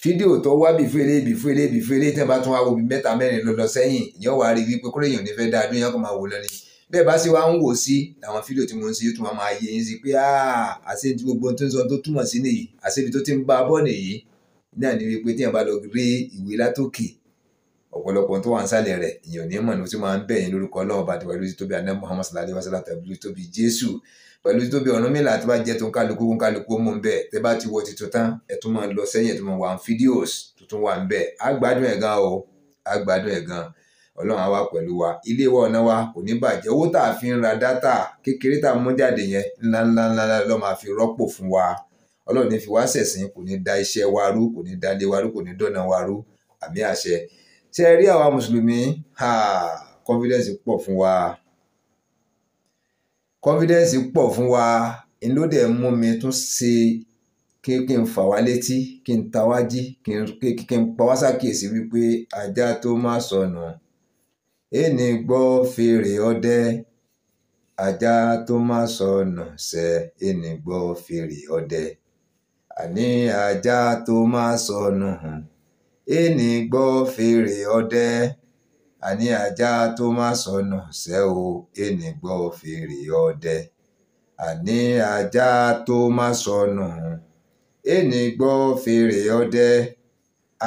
fídíò tó wá bí fún eléyìí bí fún eléyìí bí fún eléyìí tẹ́ bá tún wá wo bí mẹ́ta mẹ́rin lọ lọ sẹ́yìn ìyẹn wàá rí wípé kúrò ò ní fẹ́ dáa kò máa wò lọ bẹ́ẹ̀ bá sì wá ń wò sí àwọn fídíò tí mo ń ṣe yóò tún máa máa yé yín sí pé àṣẹ ah, ti gbogbo tó ń sọ tó túmọ̀ sí nìyí àṣẹ ibi tó ti ń bá a bọ̀ nìyí náà ni wípé téèyàn bá lọ rí ìwé látòkè ọ̀pọ̀lọpọ̀ tó wà ń sálẹ̀ rẹ̀ èèyàn ní mọ̀ ní o ti máa ń bẹ̀yìn lórúkọ ọlọ́run bá ti wà lójú tóbi àná Muhammad sallallahu alaihi wasallam tàbí tóbi Jésù pẹ̀lú tóbi Ọ̀rúnmìlà tó bá jẹ́ tó ń kálukú ń kálukú mú un bẹ́ẹ̀ tẹ́ bá ti wọ titun tán ẹ̀ tún máa lọ sẹ́yìn ẹ̀ tún máa wà ń fídíòs tuntun wà ń bẹ́ẹ̀ á ẹ̀ gan o á ẹ̀ gan ọlọ́run á wà pẹ̀lú wa ilé wa ọ̀nà wa kò ní bàjẹ́ owó tá a fi ń ra dátà kékeré tá a mú jáde yẹn ńláńláńlá ló máa fi rọ́pò fún wa ọlọ́run ní fi wá ṣẹ̀sìn kò ní da iṣẹ́ wa rú kò ní da ilé wa rú kò ní dọ̀nà wa rú àmì àṣẹ ṣe rí àwa mùsùlùmí confidence pọ̀ fún wa confidence pọ̀ fún wa n ló dẹ̀ mú mi tún ṣe kí kí n fà wá létí kí n ta jí kí n pa wá sákìyèsí wípé ajá tó má sọnù. So no ẹni gbọ́ fèrè ọdẹ ajá tó má sọnù ṣe ẹni gbọ́ fèrè ọdẹ àní ajá tó má sọnù ẹni gbọ́ fèrè ọdẹ àní ajá tó má sọnù ṣe o ẹni gbọ́ fèrè ọdẹ àní ajá tó má sọnù ẹni gbọ́ fèrè ọdẹ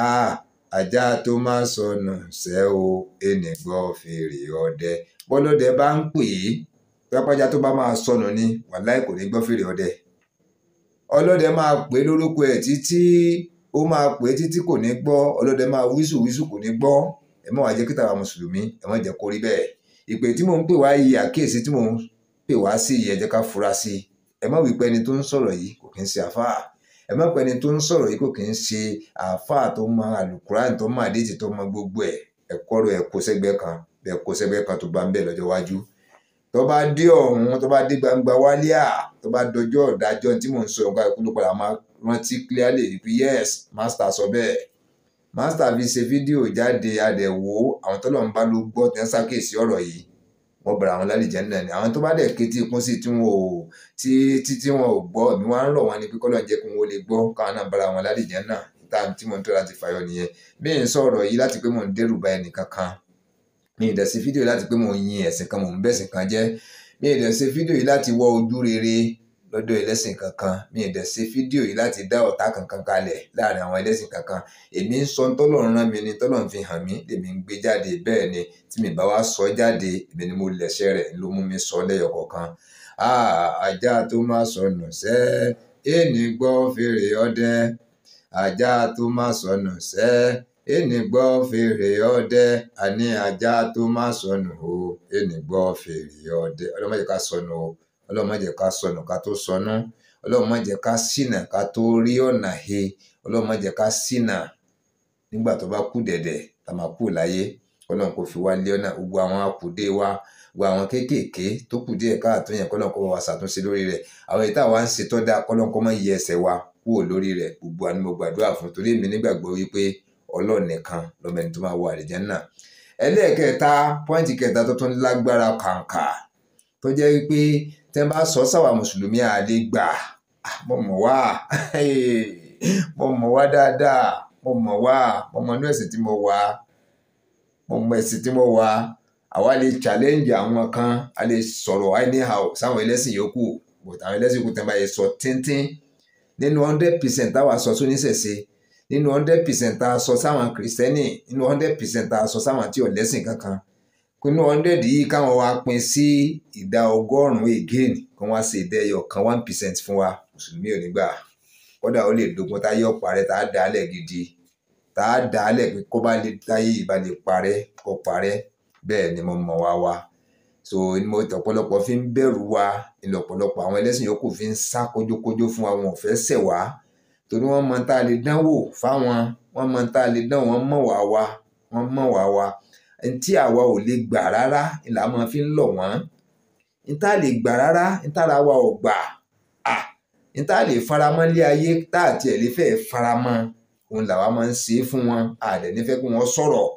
a. Ah. ajá tó máa sọnù ṣẹ́ o ẹnì gbọ́ fèrè ọdẹ bọ́lọ́dẹ bá ń pè é pápájá tó bá máa sọnù ni wàláì kò ní gbọ́ fèrè ọdẹ ọlọ́dẹ máa pè é lórúkọ ẹ̀ títí ó máa pè é títí kò ní gbọ́ ọlọ́dẹ máa wíṣù wíṣù kò ní gbọ́ ẹ má wàá jẹ́ kí mùsùlùmí ẹ má jẹ́ kó rí bẹ́ẹ̀ ìpè tí mò ń pè wá yìí àkíyèsí tí mò ń pè wá sí yìí ẹ jẹ́ ká fura sí ẹ má wípé ẹni tó ń sọ̀rọ̀ yìí kò kí ń ṣe àfáà ẹ má pẹ́ni tó ń sọ̀rọ̀ yìí kò kì í ṣe àáfàá tó mọ àlùkùránì tó mọ àdéjì tó mọ gbogbo ẹ̀ ẹ kọ́rọ̀ ẹ kó sẹ́gbẹ́ kan ẹ kó sẹ́gbẹ́ kan tó bá ń bẹ̀ lọ́jọ́ iwájú tó bá dé ọ̀hún tó bá dé gbangba wálé à tó bá dọjọ́ ọ̀dájọ́ tí mò ń sọ nǹkan ìkúlù padà máa rántí clearly wípé yes master sọ bẹ́ẹ̀ master fi ṣe fídíò jáde adẹ̀wò àwọn tọ́lọ̀ ń bá ló gbọ́ tẹ́ ń ṣàkíyèsí ọ̀rọ̀ yìí wọ́n bẹ̀rẹ̀ àwọn lálẹ́ jẹ́nà ni àwọn tó bá dẹ̀ kétí ikún sí tí wọn ò tí tí tí wọn ò gbọ́ mi wá ń rọ̀ wọn ni pé kọ́lọ́ jẹ́ kí wọn ó lè gbọ́ káwọn náà bára wọn lálẹ́ jẹ́nà tá tí mo ń tọ́ láti fàyọ nìyẹn bí n sọ̀rọ̀ yìí láti pé mo ń dẹ́rù ba ẹnìkan kan mi ì dẹ̀ ṣe fídíò láti pé mo ń yin ẹ̀sìn kan mo ń bẹ̀sìn kan jẹ́ mi ì dẹ̀ fídíò yìí láti wọ ojú rere lọ́dọ̀ ẹlẹ́sìn kankan mi ì dẹ̀ ṣe fídíò yìí láti dá ọ̀tá kankan kalẹ̀ láàrin àwọn ẹlẹ́sìn kankan èmi ń sọ tọ́lọ́run rán mi ni tọ́lọ́run fi hàn mí lèmi ń gbé jáde bẹ́ẹ̀ ni tí mi bá wá sọ jáde èmi ni mo lẹ̀ṣẹ̀ rẹ̀ ló mú mi sọ lẹ́yọ̀ kọ̀ọ̀kan ajá tó máa sọnù sẹ́ ẹni gbọ́ fèrè ọdẹ ajá tó máa sọnù sẹ́ ẹni gbọ́ fèrè ọdẹ àní ajá tó máa sọnù o ẹni gbọ́ fèrè ọdẹ ọlọ́mọdé ká sọnù o ọlọ́run má jẹ́ ká sọnù ká tó sọnù ọlọ́run má jẹ́ ká ṣìnà ká tó rí ọ̀nà he ọlọ́run má jẹ́ ká ṣìnà nígbà tó bá kú dẹ̀dẹ̀ tá máa kú láyé ọlọ́run kò fi wá lé ọ̀nà gbogbo àwọn akùdé wa gbogbo àwọn kéékèèké tó kù díẹ̀ káàtó yẹn kọ́lọ́n kó wa ṣàtúnṣe lórí rẹ̀ àwọn ìta wa ń ṣe tọ́ da kọ́lọ́n kó má yẹ ẹsẹ̀ wa kúrò lórí rẹ̀ gbogbo àni mo gbàdúrà fún torí èmi nígbàgbọ́ wípé ọlọ́run nìkan lọ́mọ ẹni tó máa wọ àlìjánnà ẹlẹ́ẹ̀kẹta pọ́ìntì kẹta tó tún lágbára kàǹkà tó jẹ́ wípé tí wọ́n bá sọ sáwà mùsùlùmí àlè gbà mo mọ̀ wá mo mọ̀ wá dáadáa mo mọ̀ wá mo mọ̀ inú ẹ̀sìn tí mo wà mo mọ̀ ẹ̀sìn tí mo wà àwa lè challenge àwọn kan a lè sọ̀rọ̀ anyhow sáwọn ẹlẹ́sìn yòókù but àwọn ẹlẹ́sìn yòókù tẹ́ bá yẹ sọ tíntín nínú hundred percent táwa sọ sóní ṣẹ̀ṣẹ̀ nínú hundred percent tá a sọ sáwọn kìrìsìtẹ́nì nínú hundred percent tá a sọ sáwọn tí ò lẹ́sìn kankan pinnu hundred yìí káwọn wa pín sí ìdá ọgọ́rùn-ún again kí wọ́n ṣe ìdá ẹyọ kan one percent fún wa mùsùlùmí ò ní gbà kódà ó lè dogun táyé ọ̀parẹ́ tá a dà á lẹ̀ gidi tá a dà á lẹ̀ pé kó bá lè táyé ìbá lè parẹ́ kó parẹ́ bẹ́ẹ̀ ni mo mọ̀ wá wa so ni mo ọ̀pọ̀lọpọ̀ fi ń bẹ̀rù wa ni ọ̀pọ̀lọpọ̀ àwọn ẹlẹ́sìn yòókù fi ń sá kójókójó fún wa wọn ò fẹ́ ṣẹ̀ wá torí wọ́n mọ tá lè dánwò fáwọn wọ́n mọ tá lè dánwò wọ́n mọ̀ wá wa wọ́n mọ̀ wá wa ntí àwa ò lè gbà rárá là máa fi ń lọ̀ wọ́n ntá lè gbà rárá ntára wa ò gbà à ntá lè faramọ́ lé ayé tá àti ẹ̀ lè fẹ́ faramọ́ òun làwa máa ń ṣe é fún wọn àdẹ̀ nífẹ̀ẹ́ kí wọ́n sọ̀rọ̀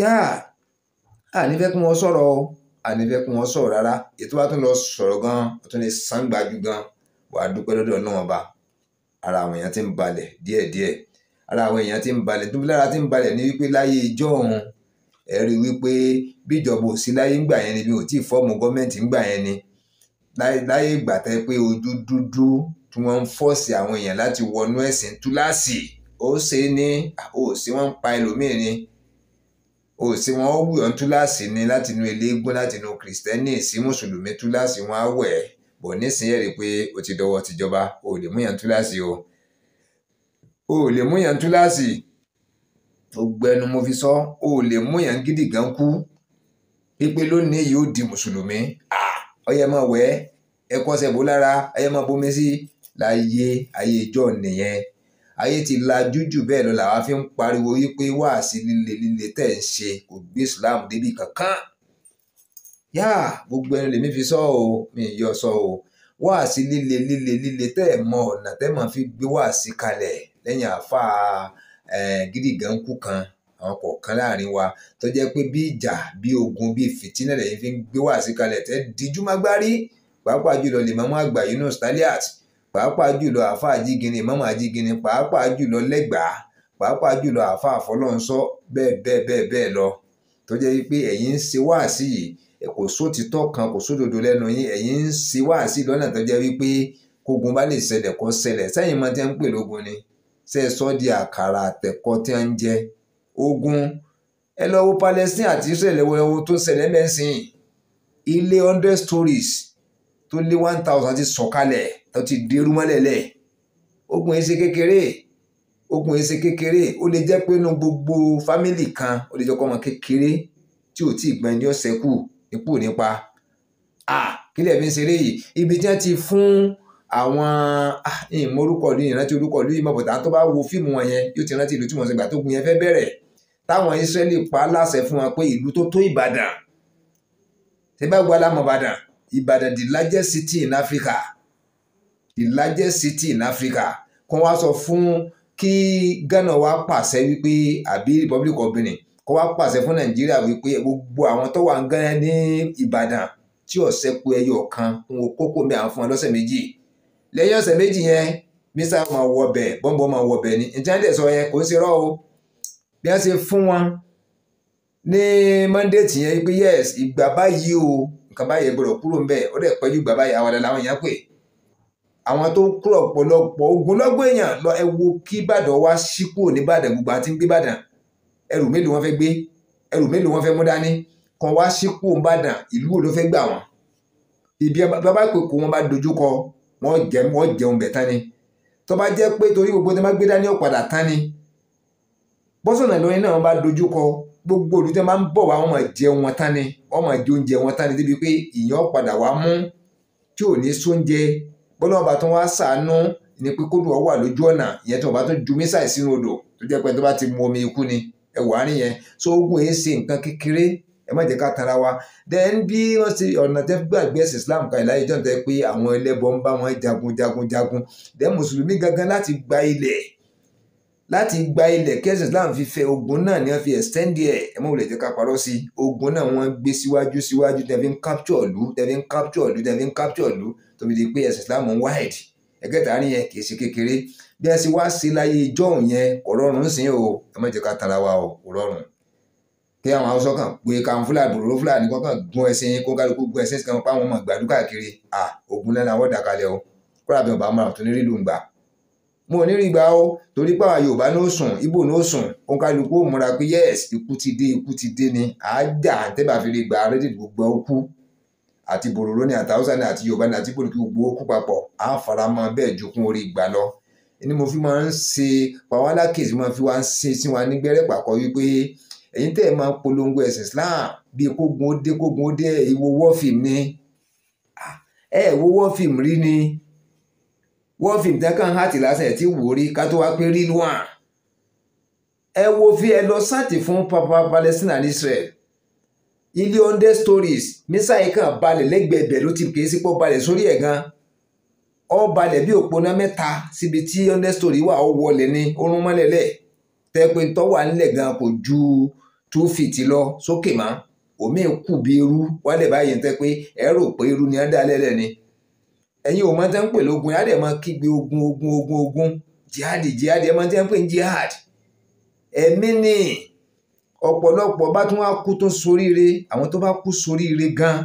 yá ànífẹ́ kí wọ́n sọ̀rọ̀ o ànífẹ́ kí wọ́n sọ̀rọ̀ rárá ètò bá tún lọ sọ̀rọ̀ gan ó tún lè sàn gbájú gan wàá dúpẹ́ lọ́dọ̀ náà ọba ara àwọn èèyàn ti ń balẹ̀ díẹ̀díẹ̀ ara àwọn èèyàn ti ń balẹ̀ dúpẹ́ lára ti ń balẹ̀ ní wípé láyé ìjọ́ òun ẹ rí i wípé bíjọba ò sí láyé ńgbà yẹn ni bí ò tí ì fọ́ọ̀mù gọ́ọ̀mẹ̀ntì ńgbà yẹn ni láyé ìgbà tẹ pé ojú dúdú tí wọ́n ń fọ́ọ̀sì àwọn èèyàn láti wọnú ẹ̀sìn túláàsì ó ṣe ní ó sì wọ́n ń pa ẹlòmíì ni ó sì wọ́n túláàsì ni láti inú eléégún láti inú kìrìsìtẹ́nì sí mùsùlùmí túláàsì wọn á wẹ̀ bọ̀ nísìnyí rí pé ó ti dọwọ́ tìjọba ó lè múyàn túláàsì o ó lè múyàn túláàsì gbogbo ẹnu mo fi sọ ó lè mú yàn gidi gan kú pípé lónìí yìí ó di mùsùlùmí ọyẹ máa wẹ ẹ kọsẹ̀ bó lára ẹyẹ máa bomi sí láyé ayé ìjọ nìyẹn ayé ti lajú jù bẹ́ẹ̀ lọ làwa fi ń pariwo wípé wáàsí líle líle tẹ̀ ń ṣe kò gbé Islam débi kankan yá gbogbo ẹnu lèmi fi sọ o mi yọ sọ o wáàsí líle líle líle tẹ̀ mọ ọ̀nà tẹ̀ mọ̀ fi gbé wáàsí kalẹ̀ lẹ́yìn àáfàá gidi gan kú kan àwọn kọ̀ọ̀kan láàrin wa tó jẹ́ pé bí ìjà bí ogun bí fìtínà lẹ́yìn fi ń gbé wá síkalẹ̀ tẹ́ díjú mágbárí pàápàá jùlọ lèmọ́mú àgbà Yunus Taliat pàápàá jùlọ àáfà àjígini ìmọ̀mù àjígini pàápàá jùlọ lẹ́gbàá pàápàá jùlọ àáfà àfọlọ́nsọ bẹ́ẹ̀ bẹ́ẹ̀ bẹ́ẹ̀ bẹ́ẹ̀ lọ tó jẹ́ pé ẹ̀yin ń ṣe wáàsí yìí kò sótìtọ́ kan kò sódodo lẹ́nu yín ẹ̀yin ń ṣe wáàsí lọ́nà tó jẹ́ wípé kógun bá lè ṣẹlẹ̀ kó ṣẹlẹ̀ sẹ́yìn máa ti ń pè lógun ni ṣe é sọ di àkàrà àtẹ̀kọ́ tí wọ́n ń jẹ ogun ẹ lọ wo Palestine àti Israel ẹwọ ẹwọ tó ń ṣẹlẹ̀ mẹ́sìn ilé hundred stories tó lé one thousand ti sọ̀kalẹ̀ tó ti dérú mọ́lẹ̀lẹ̀ ogun yìí ṣe kékeré ogun yìí ṣe kékeré ó lè jẹ́ pé inú gbogbo fámìlì kan ó lè jẹ́ ọmọ kékeré tí ò tí ì gbọ́n ẹni ọ̀sẹ̀ kù nípò nípa à kílẹ̀ fi ń ṣeré yìí ibi tí wọ́n ti fún àwọn ìmọ̀ ah, orúkọ ìlú ìrántí orúkọ ìlú ìmọ̀ bọ̀tà tó bá wo fíìmù wọn yẹn yóò ti rántí ìlú tí wọ́n ti gbà tó gun yẹn fẹ́ bẹ̀rẹ̀ táwọn Ísírẹ́lì pa láṣẹ fún wọn pé ìlú tó tó Ìbàdàn ṣé bá gba lámọ̀ Ìbàdàn Ìbàdàn the largest city in Africa the largest city in Africa kó wá sọ fún kí Ghana wá pàṣẹ wípé àbí Republic of Benin kó wá pàṣẹ fún Nàìjíríà wípé gbogbo àwọn tó wà ń gán ní Ìbàdàn tí ọ̀sẹ̀ pé ẹyọ kan òun kókó mi à ń fún ọ lọ́sẹ̀ méjì lẹ́yìn ọ̀sẹ̀ méjì yẹn mísà máa wọ bẹ̀ bọ́ǹbọ̀ máa wọ bẹ̀ ni ìtẹ́ńdẹ̀ sọ yẹn kò ń ṣe rọ́ o bí wọ́n ṣe fún wọn ní mandate yẹn pé yes ìgbà báyìí o nǹkan báyìí gbọdọ̀ kúrò ńbẹ̀ ó dẹ̀ pẹ́jú ìgbà báyìí àwọn làwọn èèyàn pè àwọn tó kúrò ọ̀pọ̀lọpọ̀ ogunlọ́gbọ̀n èèyàn lọ ẹ wo kí Ìbàdàn wá sí kúrò níbàdàn gbogbo àti gbé Ìbàdàn ẹrù mélòó wọn fẹ́ gbé ẹrù mélòó wọn fẹ́ mú dání kan wá sí kúrò ńbàdàn ìlú wo ló fẹ́ gbà wọn ibi bàbá pé kó wọn bá dojú kọ wọ́n jẹ wọ́n jẹun bẹ̀ tán ni tó bá jẹ́ pé torí gbogbo tí wọ́n bá gbé dání ọ̀padà tán ni bọ́sọ̀nà lóyún náà wọ́n bá dojú kọ gbogbo olùdíje máa ń bọ̀ wá wọ́n máa wọn tán ni wọ́n máa jẹ oúnjẹ wọn tán ni débi pé ìyàn padà wá mú tí ò ní sóúnjẹ bọ́lá ọba tó wá sàánú ni pé kódù ọ wà lójú ọ̀nà ìyẹn tó ọba tó ju mísàì sínú odò tó jẹ́ pé tó bá ti mu omi ikú ni ẹ̀wọ̀ àárín yẹn so ogun èé ṣe nǹkan kékeré ẹ má jẹ́ ká tara wa then bí wọ́n ṣe ọ̀nà tẹ́ gbàgbé ẹ̀sìn Islam kan ìlàyé jọ̀ tẹ́ pé àwọn ẹlẹ́bọ ń bá wọn jagun jagun jagun then mùsùlùmí gangan láti gba ilẹ̀ láti gba ilẹ̀ kí Islam fi fẹ ogun náà ni wọ́n fi extend ẹ̀ ẹ má wulẹ̀ jẹ́ ká parọ́ sí i ogun náà wọ́n gbé síwájú síwájú tẹ́ ń capture ìlú tẹ́ ń capture ìlú tẹ́ ń capture ìlú tóbi di pé ẹ̀sìn Islam ń wide ẹ̀kẹ́ta rí yẹn kì í ṣe kékeré bí ẹ ṣe wá sí láyé ìjọ́hùn yẹn kò rọrùn ń o ẹ má jẹ́ ká tara wa o kò rọrùn tí àwọn haúsọ kan pé kanfúlà bòròró fúlàní kọ́kàn gún ẹṣin kó kálukú gún ẹṣin kan pa àwọn ọmọ ìgbàdú káàkiri à ogun náà làwọn dà kalẹ̀ o kúrò àbẹ̀ ọ̀bà mara tó ní rílu ńgbà mo ní rí gbà ó torí pàwọn Yorùbá ló sùn Ìgbò ló sùn ó kálukú múra pé yẹ́s ikú ti dé ikú ti dé ni àájà àtẹ́bà fi rí gbà rédíò gbogbo ọkú àti bòròró ni àti haúsá ni àti Yorùbá ni àti bòròkì gbogbo mo fi máa ń ṣe pàwọn alákèsí máa fi wá ń ṣe sí wa nígbẹ́rẹ́ pàkọ́ wípé ẹ̀yin tẹ́ ẹ máa polongo ẹ̀sìn Islam bíi kógun ó dé kógun ó dé ìwo wọ́ọ̀fìm ni ẹ wo wọ́ọ̀fìm rí ni wọ́ọ̀fìm tẹ́ kàn hàtì lásán ẹ̀ tí wò rí ká tó wá pé rí lùwà ẹ wo fi ẹ lọ sáàtì fún papa Palestine and Israel ilé hundred stories mísáyì kan balẹ̀ lẹ́gbẹ̀ẹ́ bẹ̀ ló ti kì í sípò balẹ̀ sórí ẹ̀ gan ọ balẹ̀ bí òpónà mẹ́ta síbi tí hundred stories wà ó wọlé ní orun mọ́lẹ̀lẹ̀ tẹ́pẹ́ tọ́wà ńlẹ̀ gan kò ju two feet lọ sókè mọ́ omi kù bí irú wálẹ̀ báyìí ń tẹ́ pé ẹ rò pé irú ni ẹ dá lẹ́lẹ̀ ni ẹ̀yin ò mọ tẹ́ ń pè lógun ẹ̀ á mọ kígbe ogun ogun ogun ogun jihadi jihadi ẹ̀ mọ tẹ́ ń pè ní jihad ẹ̀mí ni ọ̀pọ̀lọpọ̀ bá tún wá kú tó soríire àwọn tó bá kú soríire gan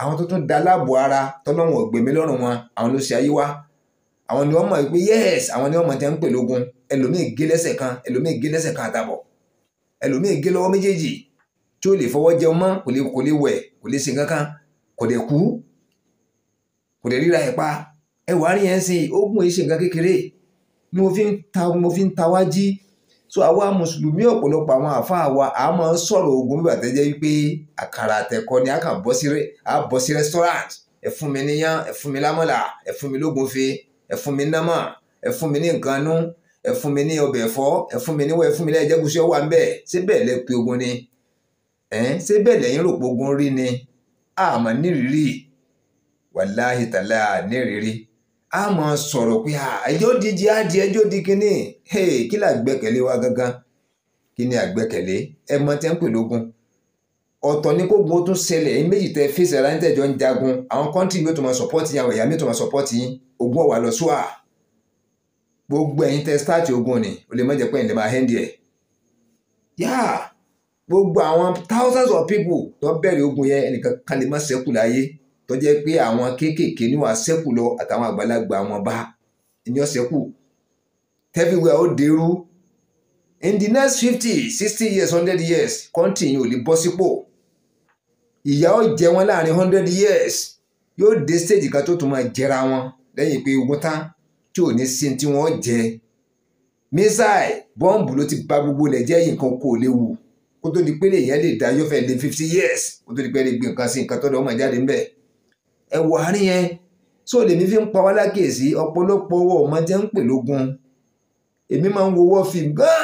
àwọn tó tún da láàbò ara tọ́lọ́wọ̀n ògbèmí lọ́rùn wọn àwọn ló ṣe ayé wá àwọn ni wọ́n mọ̀ pé yes àwọn ni wọ́n mọ̀ tẹ́ ń pè lógun ẹlòmíì gé lẹ́sẹ̀ kan ẹlòmíì gé lẹ́sẹ̀ kan àtàbọ̀ ẹlòmíì gé lọ́wọ́ méjèèjì tí ó lè fọwọ́ jẹun mọ́ kò lè kò lè wẹ̀ kò lè ṣe kankan kò dẹ̀ kú kò dẹ̀ ríra ẹ̀ pa ẹ rí yẹn sí ogun yìí ṣe nǹkan kékeré ni mo fi ń ta mo fi ń ta wá jí so àwa mùsùlùmí ọ̀pọ̀lọpọ̀ àwọn àfáà wa a máa ń sọ̀rọ̀ ogun bíbà tẹ́ jẹ́ wípé àkàrà àtẹ̀kọ́ ni a kàn bọ́ sí a bọ́ sí restaurant ẹ fún mi níyàn ẹ fún mi lámọ́là ẹ fún mi lógúnfe ẹ mi námà ẹ mi ní nǹkan nú ẹ fún mi ní ọbẹ̀ ẹ̀fọ́ ẹ fún mi níwọ̀ ẹ fún mi láì jẹ́gùsí ọwọ́ à ń bẹ̀ ṣé bẹ́ẹ̀ lẹ pe ogun ni ṣé bẹ́ẹ̀ lẹ́yìn rò pé ogun rí ni àmọ́ nírìírí wàláhì tàlà nírìírí àmọ́ sọ̀rọ̀ pé ẹjọ́ di jẹ́ adìẹ ẹjọ́ di kínní kí là gbẹ́kẹ̀lé wa gangan kí ni àgbẹ́kẹ̀lé ẹ mọ tẹ́ ń pè lógun ọ̀tọ̀ ní kógun ó tún ṣẹlẹ̀ ẹ méjì tẹ fèsì ara ní tẹ̀jọ́ ń jagun àwọn kọ́ńtì yóò tún máa sọ̀pọ́tì yín àwọn ẹ̀yà mi tún máa sọ̀pọ́tì yín ogun ọ̀wà lọ gbogbo ẹ̀yin tẹ stáàtì ogun ni o lè má jẹ́ pé ẹ̀yin lè máa hẹ́ndì ẹ̀ yáà gbogbo àwọn thousands of people tó bẹ̀rẹ̀ ogun yẹn ẹnìkan kan lè má ṣẹ́kù láyé tó jẹ́ pé àwọn kéékèèké ni wàá ṣẹ́kù lọ àtàwọn àgbàlagbà wọn bá ẹni ó ṣẹ́kù tẹ́fíwẹ́ ó dèrú in the next fifty sixty years hundred years kọ́ńtì yìí ò lè bọ́ sípò ìyà ó jẹ wọn láàrin hundred years yóò dé stage kan tó tún máa jẹra wọn lẹ́yìn pé ogun tán tí ò ní sí tí wọ́n jẹ mísáì bọ́ǹbù ló ti bà gbogbo ilẹ̀ jẹ́ nǹkan kò léwu kó tó di pé èèyàn lè dá yóò fẹ́ lé fifty years kó tó di pé lè gbé nǹkan sí nǹkan tó lọ́mọ jáde ńbẹ̀ ẹ wọ àárín yẹn so lèmi fi ń pa wá lákèsí ọ̀pọ̀lọpọ̀ owó ọmọ jẹ́ ń pè lógun èmi máa ń wo wọ́ fíìmù gan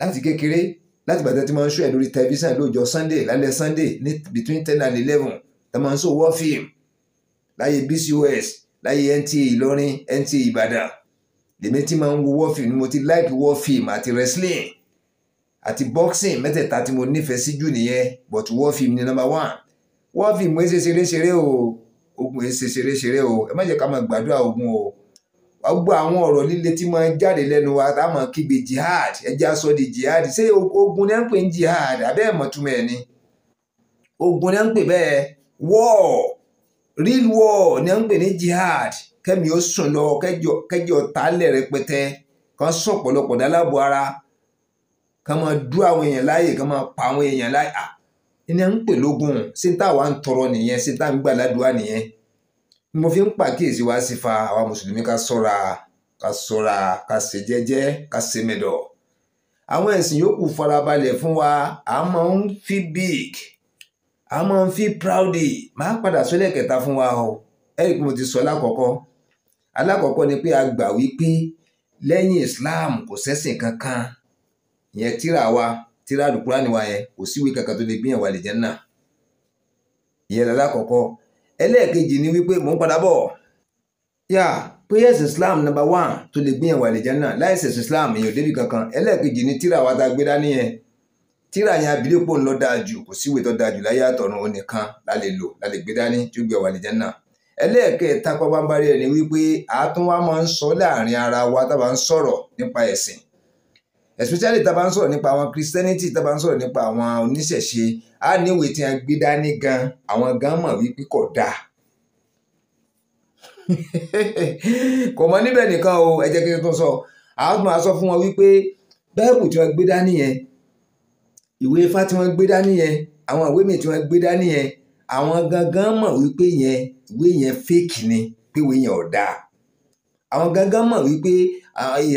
láti kékeré láti bàtà tí máa ń sọ ẹ̀ lórí tẹlifíṣàn lóòjọ́ sunday lálẹ́ sunday ní between ten and eleven tá máa ń sọ wọ́ fíìmù láyé bcos láyé NTA Ìlọrin NTA Ìbàdàn lèmi tí máa ń wo wọ́ọ̀fìmù ni mo ti láìpì wọ́ọ̀fìmù àti wrestling àti boxing mẹ́tẹ̀ẹ̀ta tí mo nífẹ̀ẹ́ sí jù nìyẹn but wọ́ọ̀fìmù ni number one wọ́ọ̀fìmù ẹ̀ ṣe ṣeré-ṣeré o ogun ẹ̀ ṣe ṣeré-ṣeré o ẹ má jẹ́ ká máa gbàdúrà ogun o gbogbo àwọn ọ̀rọ̀ líle tí máa ń jáde lẹ́nu wa tá a máa kígbe jihad ẹja sọ di jihad ṣé ogun náà ń pè ní jihad àbẹ́ẹ̀mọ̀túmọ̀ ẹ̀ ni ogun náà ń pè bẹ́ẹ̀ wọ́ọ̀ real war ni à ń ní jihad kẹ́mi ó sùn lọ kẹ́jọ tálẹ̀ rẹpẹtẹ kan sún ọ̀pọ̀lọpọ̀ dálábọ̀ ara kan máa dú àwọn èèyàn láàyè kan máa pa àwọn èèyàn láàyè à ni à ń pè lógun ṣé táwa ń tọrọ nìyẹn ṣé táwa ń gbà ládùúgbà nìyẹn ni mo fi ń pàkíyèsí wá sí fa àwa mùsùlùmí ká sọ́ra ká sọ́ra ká ṣe jẹ́jẹ́ ká ṣe mẹ́dọ̀ àwọn ẹ̀sìn yòókù farabalẹ̀ fún wa àmọ́ ń fi bíìkì a máa ń fi proudly máa padà sólẹ̀ kẹta fún wa o eric mo ti sọ lákọ̀ọ́kọ́ alákọ̀ọ́kọ́ ni pé a gbà wípé lẹ́yìn islam kò sẹ́sìn kankan ìyẹn tíra wa tíra àdùkúrá wa yẹn kò síwèé kankan tó lè gbìyànjú wa lè jẹ́ náà ìyẹn lálákọ̀ọ́kọ́ ẹlẹ́ẹ̀kejì ni wípé mò ń padà bọ̀ yà prayers islam number one tó lè gbìyànjú wa náà láìsẹ̀ islam èèyàn débi kankan ẹlẹ́ẹ̀kejì ni tíra wa ta gbé dání yẹn tíra yẹn abilékò ńlọ dáa jù kò síwèé tó dáa jù láyé àtọ̀run òun nìkan lálẹ́ lò lálẹ́ gbé dání tí ó gbé wà lẹ́jẹ̀ náà ẹlẹ́ẹ̀kẹta pàbámbarí ẹ̀ ni wípé àtúnwá máa ń sọ láàrin ara wa tábà ń sọ̀rọ̀ nípa ẹ̀sìn especially tábà ń sọ̀rọ̀ nípa àwọn christianity tábà ń sọ̀rọ̀ nípa àwọn oníṣẹ̀ṣe á níwèé tí wọ́n gbé dání gan àwọn gan mọ̀ wípé kò dáa kò mọ níbẹ̀ nìkan o ẹ jẹ́ kí n tún sọ àwọn tó máa sọ fún wọn wípé bẹ́ẹ̀bù tí wọ́n gbé dání yẹn ìwé ifá tí wọ́n gbé dání yẹn àwọn ìwé míì tí wọ́n gbé dání yẹn àwọn gangan mọ̀ wípé yẹn ìwé yẹn fake ni pé ìwé yẹn ò dáa àwọn gangan mọ̀ wípé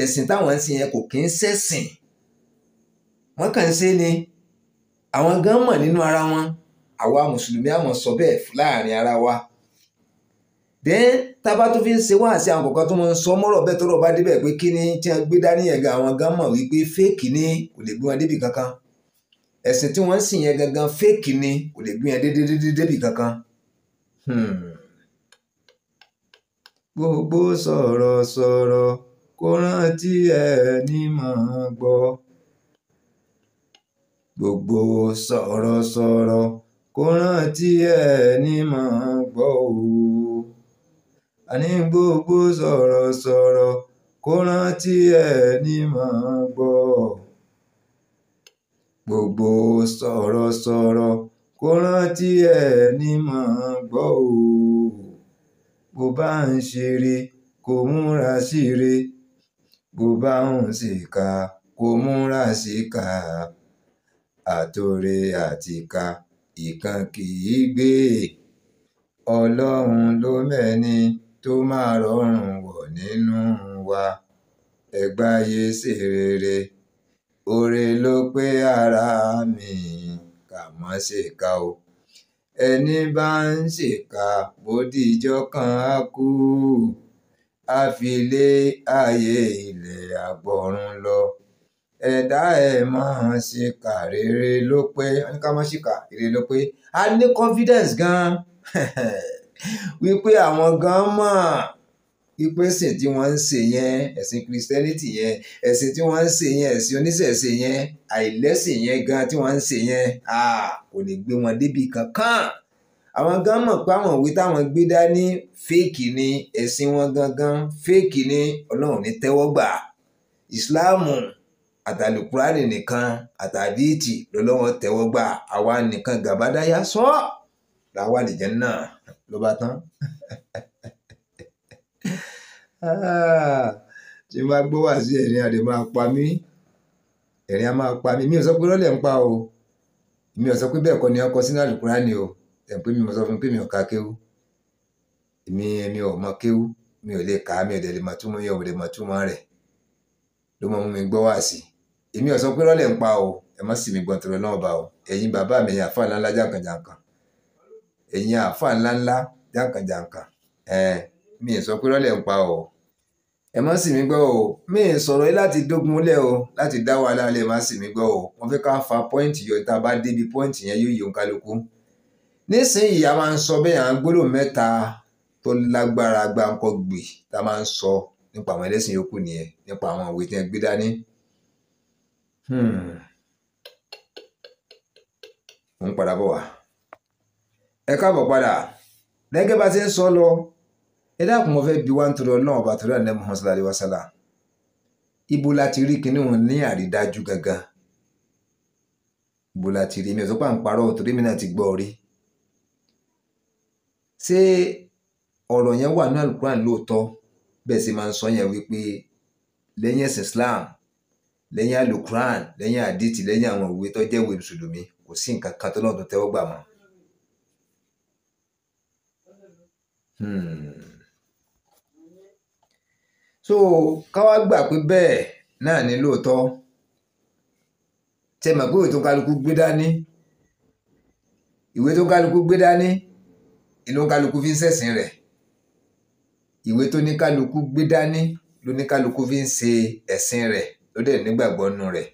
ẹ̀sìn táwọn ń sìn yẹn kò kí ń ṣẹ̀sìn wọ́n kàn ń ṣe ni àwọn gan mọ̀ nínú ara wọn àwa mùsùlùmí àmọ̀ sọ bẹ́ẹ̀ láàrin ara wa then tábà tó fi ń ṣe wáàsí àwọn kọ̀ọ̀kan tó máa ń sọ mọ́rọ̀ bẹ́ẹ̀ tọ́rọ̀ bá débẹ̀ pé kí ni tí wọ́n gbé dání yẹn gan àwọn gan mọ̀ wípé fake ni kò lè gbé wọn débi kankan ẹ̀sìn tí wọ́n sìn yẹn gangan fake ni kò lè gbìyànjú déédéé débì kankan. Hmm. gbogbo sọ̀rọ̀ sọ̀rọ̀ kó rántí ẹni máa gbọ́. gbogbo sọ̀rọ̀ sọ̀rọ̀ kó rántí ẹni máa gbọ́ o. àní gbogbo sọ̀rọ̀ sọ̀rọ̀ kó rántí ẹni máa gbọ́. Gbogbo sọ̀rọ̀sọ̀rọ̀ kó rántí ẹni mọ̀ọ́ gbọ́ o. Bó bá ń ṣeré kó múra síre, bó bá ń ṣèkà kó múra síkà. Àtọ̀rẹ àtìkà ìkan kì í gbé. Ọlọ́run ló mẹ́ni tó máa rọrùn wọ̀ nínú wa. Ẹgbáyé ṣe rere. Oore ló pé ara mi kà má ṣèkà o. Ẹni bá ń ṣèkà bó kan á kú. A fi lé ayé ilẹ̀ àgbọ̀run lọ. Ẹ̀dá ẹ máa ṣèkà rere ló pé. A ní ká má ṣèkà rere ló pé. A ní confidence gan-an wípé àwọn gan mọ̀ ìpẹ́sìn tí wọ́n ń ṣe yẹn ẹ̀sìn christianity yẹn ẹ̀sìn tí wọ́n ń ṣe yẹn ẹ̀sìn oníṣẹ̀ṣe yẹn àìlẹ́sìn yẹn gan tí wọ́n ń ṣe yẹn kò lè gbé wọn débi kankan àwọn gan mọ̀ pé àwọn òwe táwọn gbé dání fèèkì ni ẹ̀sìn wọn gangan fèèkì ni ọlọ́run ní tẹ́wọ́gbà ìsìláàmù àtàlùkùránì nìkan àtàdíìtì lọ́lọ́wọ́ tẹ́wọ́gbà àwa nìkan gàbádáyà sọ làwọn àlìjẹ́ náà ló bá tán. Tí n bá gbọ́ wàásù ẹ̀rín a máa pa mí. Ẹ̀rín a máa pa mí. Mi ò sọ pé irọ́ ń pa o. Mi ò sọ pé bẹ́ẹ̀ kọ́ ni wọ́n kọ sínú àlùkùránì o. Ẹ̀ pé mi ò sọ fún pé mi ò ka kéwú. Èmi, èmi ò mọ̀ kéwú. Mi ò lè kà á, mi ò dẹ̀ lè mọ̀ túmọ̀ ẹ̀, ò dẹ̀ mọ̀ túmọ̀ rẹ̀. Ló máa mú mi gbọ́ wàásù. Èmi ò sọ pé irọ́ lẹ̀ ń pa o. Ẹ má sì mí gbọ́ torí Ọlọ́run Ọba o. Ẹ̀yin bàbá mi, ẹ̀yin àfáà ńlá ńlá Ẹ̀yin àfáà ńlá ńlá Ẹ̀ mi ì sọ pé rọ́lẹ̀ ń pa ọ́ ẹ má sì mí gbọ́ o mi ì sọ̀rọ̀ yìí láti dógun lẹ̀ o láti dá wàhálà lẹ̀ má sì mí gbọ́ o wọ́n fẹ́ ká fa pọ́ìntì yọ tá a bá débi pọ́ìntì yẹn yóò yọ̀ǹ kálukú nísìnyìí a máa ń sọ bẹ́ẹ̀ à ń gbólóhùn mẹ́ta tó lágbára gbáǹkọ́ gbè tá a máa ń sọ nípa àwọn ẹlẹ́sìn yòókù nìyẹn nípa àwọn òwe tí wọ́n gbé dání. mo hmm. ń padà bọ̀ wá ẹ káàbọ̀ padà gẹ́gẹ́ bá ti ń sọ lọ ẹ dákun mo fẹ́ bi wá nítorí ọlọ́run ọba torí ànẹ́mọ̀ hàn sílá àríwá sálà ibo la ti rí kinní wọn ní àrídájú gangan ibo la rí mi ò sọ pé à ń parọ́ torí mi náà ti gbọ́ rí ṣé ọ̀rọ̀ yẹn wà ní alukuran lóòótọ́ bẹ́ẹ̀ sì máa ń sọ yẹn wípé lẹ́yìn ẹ̀sìn Islam lẹ́yìn alukuran lẹ́yìn àdìtì lẹ́yìn àwọn òwe tó jẹ́ ìwé mùsùlùmí kò sí nǹkan kan tó náà tó tẹ́wọ́ gbà mọ́. Hmm so ká wá gbà pé bẹ́ẹ̀ náà ni lóòótọ́ tẹ mọ̀ pé ìwé tó kálukú gbé dání ìwé tó kálukú gbé dání inú kálukú fi ń ṣẹ̀sìn rẹ̀ ìwé tó ní kálukú gbé dání ló ní kálukú fi ń ṣe ẹ̀sìn rẹ̀ ló dẹ̀ nígbàgbọ́ nù rẹ̀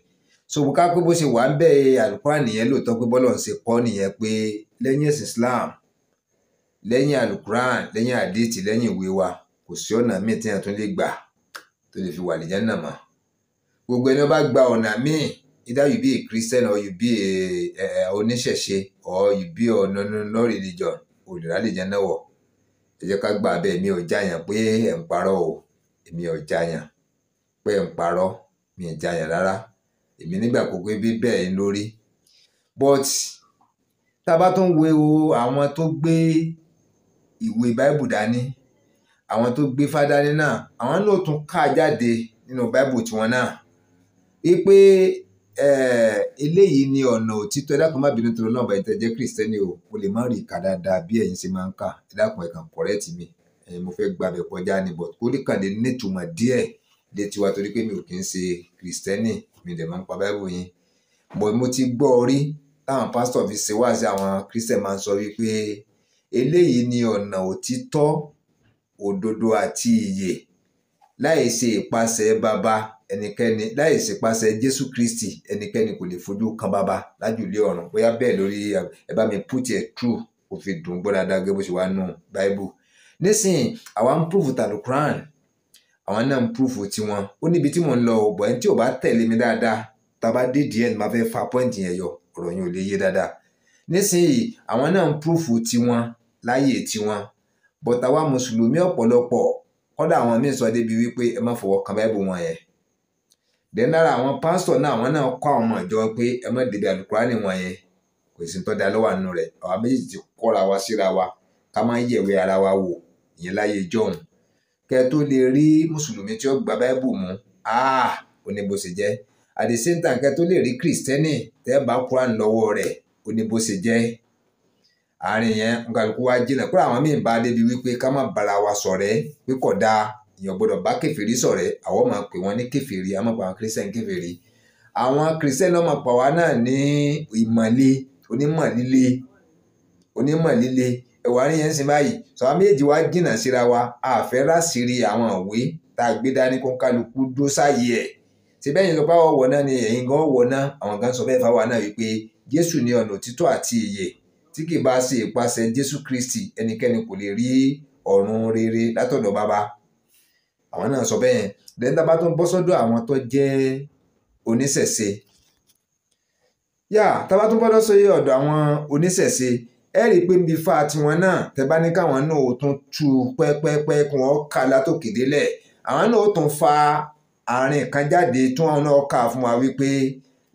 so ká pé bó ṣe wà ń bẹ̀ àlùkùránì nìyẹn lóòótọ́ pé bọ́lọ̀ ń ṣe kọ́ nìyẹn pé lẹ́yìn ẹ̀sìn Islam lẹ́yìn àlùkùránì lẹ́yìn àdìtì lẹ́yìn ìwé wa kò sí ọ̀nà míì tí a tún lè gbà tó lè fi wà ní jẹ́nà mọ́ gbogbo ẹni wọ́n bá gba ọ̀nà míì either you be Christian or you be a oníṣẹ̀ṣe or you be a non-religion olùrà lè jẹ́nà wọ̀ ẹ jẹ́ ká gbà bẹ́ẹ̀ mi ò jáyàn pé ẹ̀ ń parọ́ o èmi ò jáyàn pé ẹ̀ ń parọ́ mi ò jáyàn rárá èmi nígbà gbogbo bí bẹ́ẹ̀ ń lórí but tá a bá tún wo àwọn tó gbé ìwé báìbù dání àwọn tó gbé Ifá dání náà àwọn náà tún kà jáde nínú báíbù tiwọn náà wípé eh, eléyìí ni ọ̀nà òtítọ́ ẹ dákun má bínú tó lọ náà báyìí tẹ́ jẹ́ kìrìsìtẹ́nì o mo lè má rí ìka dáadáa bí ẹ̀yin ṣe máa ń kà ẹ dákun ẹ kàn kọ̀rẹ́ẹ̀tì mi eh, mo fẹ́ gbàbẹ̀ kọjá ni bọ̀ kó lè kàn lè nítumọ̀ díẹ̀ lè tiwa torí pé mi ò kí ń ṣe kìrìsìtẹ́nì mi dẹ̀ máa ń pa báíbù yín bọ̀ mo ti gbọ́ orí táwọn pásítọ̀ fi ṣe wáàsí àwọn kìrìsìtẹ́nì máa ń sọ wípé eléyìí ni ọ̀nà òtítọ́ òdodo àti ìyè láì ṣe ìpasẹ̀ bàbá ẹnikẹ́ni láì ṣe ìpasẹ̀ Jésù Kristi ẹnikẹ́ni kò lè fojú kan bàbá lájùlé ọ̀run bóyá bẹ́ẹ̀ lórí ẹ bá mi put it true kò fi dùn gbọ́dọ̀ dáa bó ṣe wà nù Bible nísìnyí àwa ń prove tàlùkùrán àwọn náà ń prove tiwọn ó níbi tí mò ń lọ bọ̀ ẹni tí ò bá tẹ̀lé mi dáadáa tàbá dé díẹ̀ ni màá fẹ́ fa pọ́ìntì yẹn yọ ọ̀rọ̀ yẹn ò lè yé dáadáa nísìnyí àwọn náà ń prove tiwọn láyè tiwọn but àwa mùsùlùmí ọ̀pọ̀lọpọ̀ kọ́dà àwọn míì sọ débi wípé ẹ má fọwọ́ kan báìbù wọn yẹn then lára àwọn pásítọ̀ náà àwọn náà kọ́ àwọn ọmọ ìjọ pé ẹ má débi àlùkùránì wọn yẹn kò sí tó da lọ́wọ́ àánú rẹ̀ àwa méjì ti kọ́ra wa síra wa ká má yẹ̀wé ara wa wò ìyẹn láyé jọ̀hún kẹ́ tó lè rí mùsùlùmí tí ó gba báìbù mú áà ó ní bó ṣe jẹ́ at the tó lè rí kìrìsìtẹ́nì tẹ́ bá kúrán lọ́wọ́ rẹ̀ ó ní bó ṣe jẹ́ àárín yẹn nkàlùkù wa jìnnà kúrò àwọn míì bá a débi wípé ká má bára wa ṣọ̀rẹ́ pé kò dáa èèyàn gbọ́dọ̀ bá kèfèrí ṣọ̀rẹ́ àwọn máa pè wọ́n ní kèfèrí àwọn máa pè wọ́n kírísẹ́n kèfèrí àwọn kírísẹ́n náà máa pè wá náà ní ìmọ̀le onímọ̀líle onímọ̀líle ẹ̀wọ̀n àárín yẹn ń sin báyìí sọ̀rọ̀ méjì wá jìnnà síra wa àfẹ́ láṣìírí àwọn òwe tá a gbé dání kó kálukú dó sáyé ẹ̀ síbẹ̀ yìí lọ́pàá wọ̀ náà ni ẹ̀yin gan wọ̀ náà àwọn gan sọ bẹ́ẹ̀ fáwọn náà wípé Jésù ni ọ̀nà òtítọ́ àti ìyè tí kì bá ṣe ìpasẹ̀ Jésù Kristi ẹnikẹ́ni kò lè rí ọ̀run rere látọ̀dọ̀ bàbá àwọn náà sọ bẹ́ẹ̀ dẹ́ńtà bá tún bọ́ sọ́dọ̀ àwọn tó jẹ́ oníṣẹ̀ṣe yá tábà tún bọ́dọ̀ sóyè ọ̀dọ̀ àwọn oníṣẹ̀ṣe ẹ rí i pé níbi fa tiwọn náà tẹ bá ní káwọn náà ó tún tú pẹ́pẹ́pẹ́ kí wọ́n kà látòkè délẹ̀ àwọn náà ó tún fa àárín kan jáde tí wọ́n náà kà fún wa wípé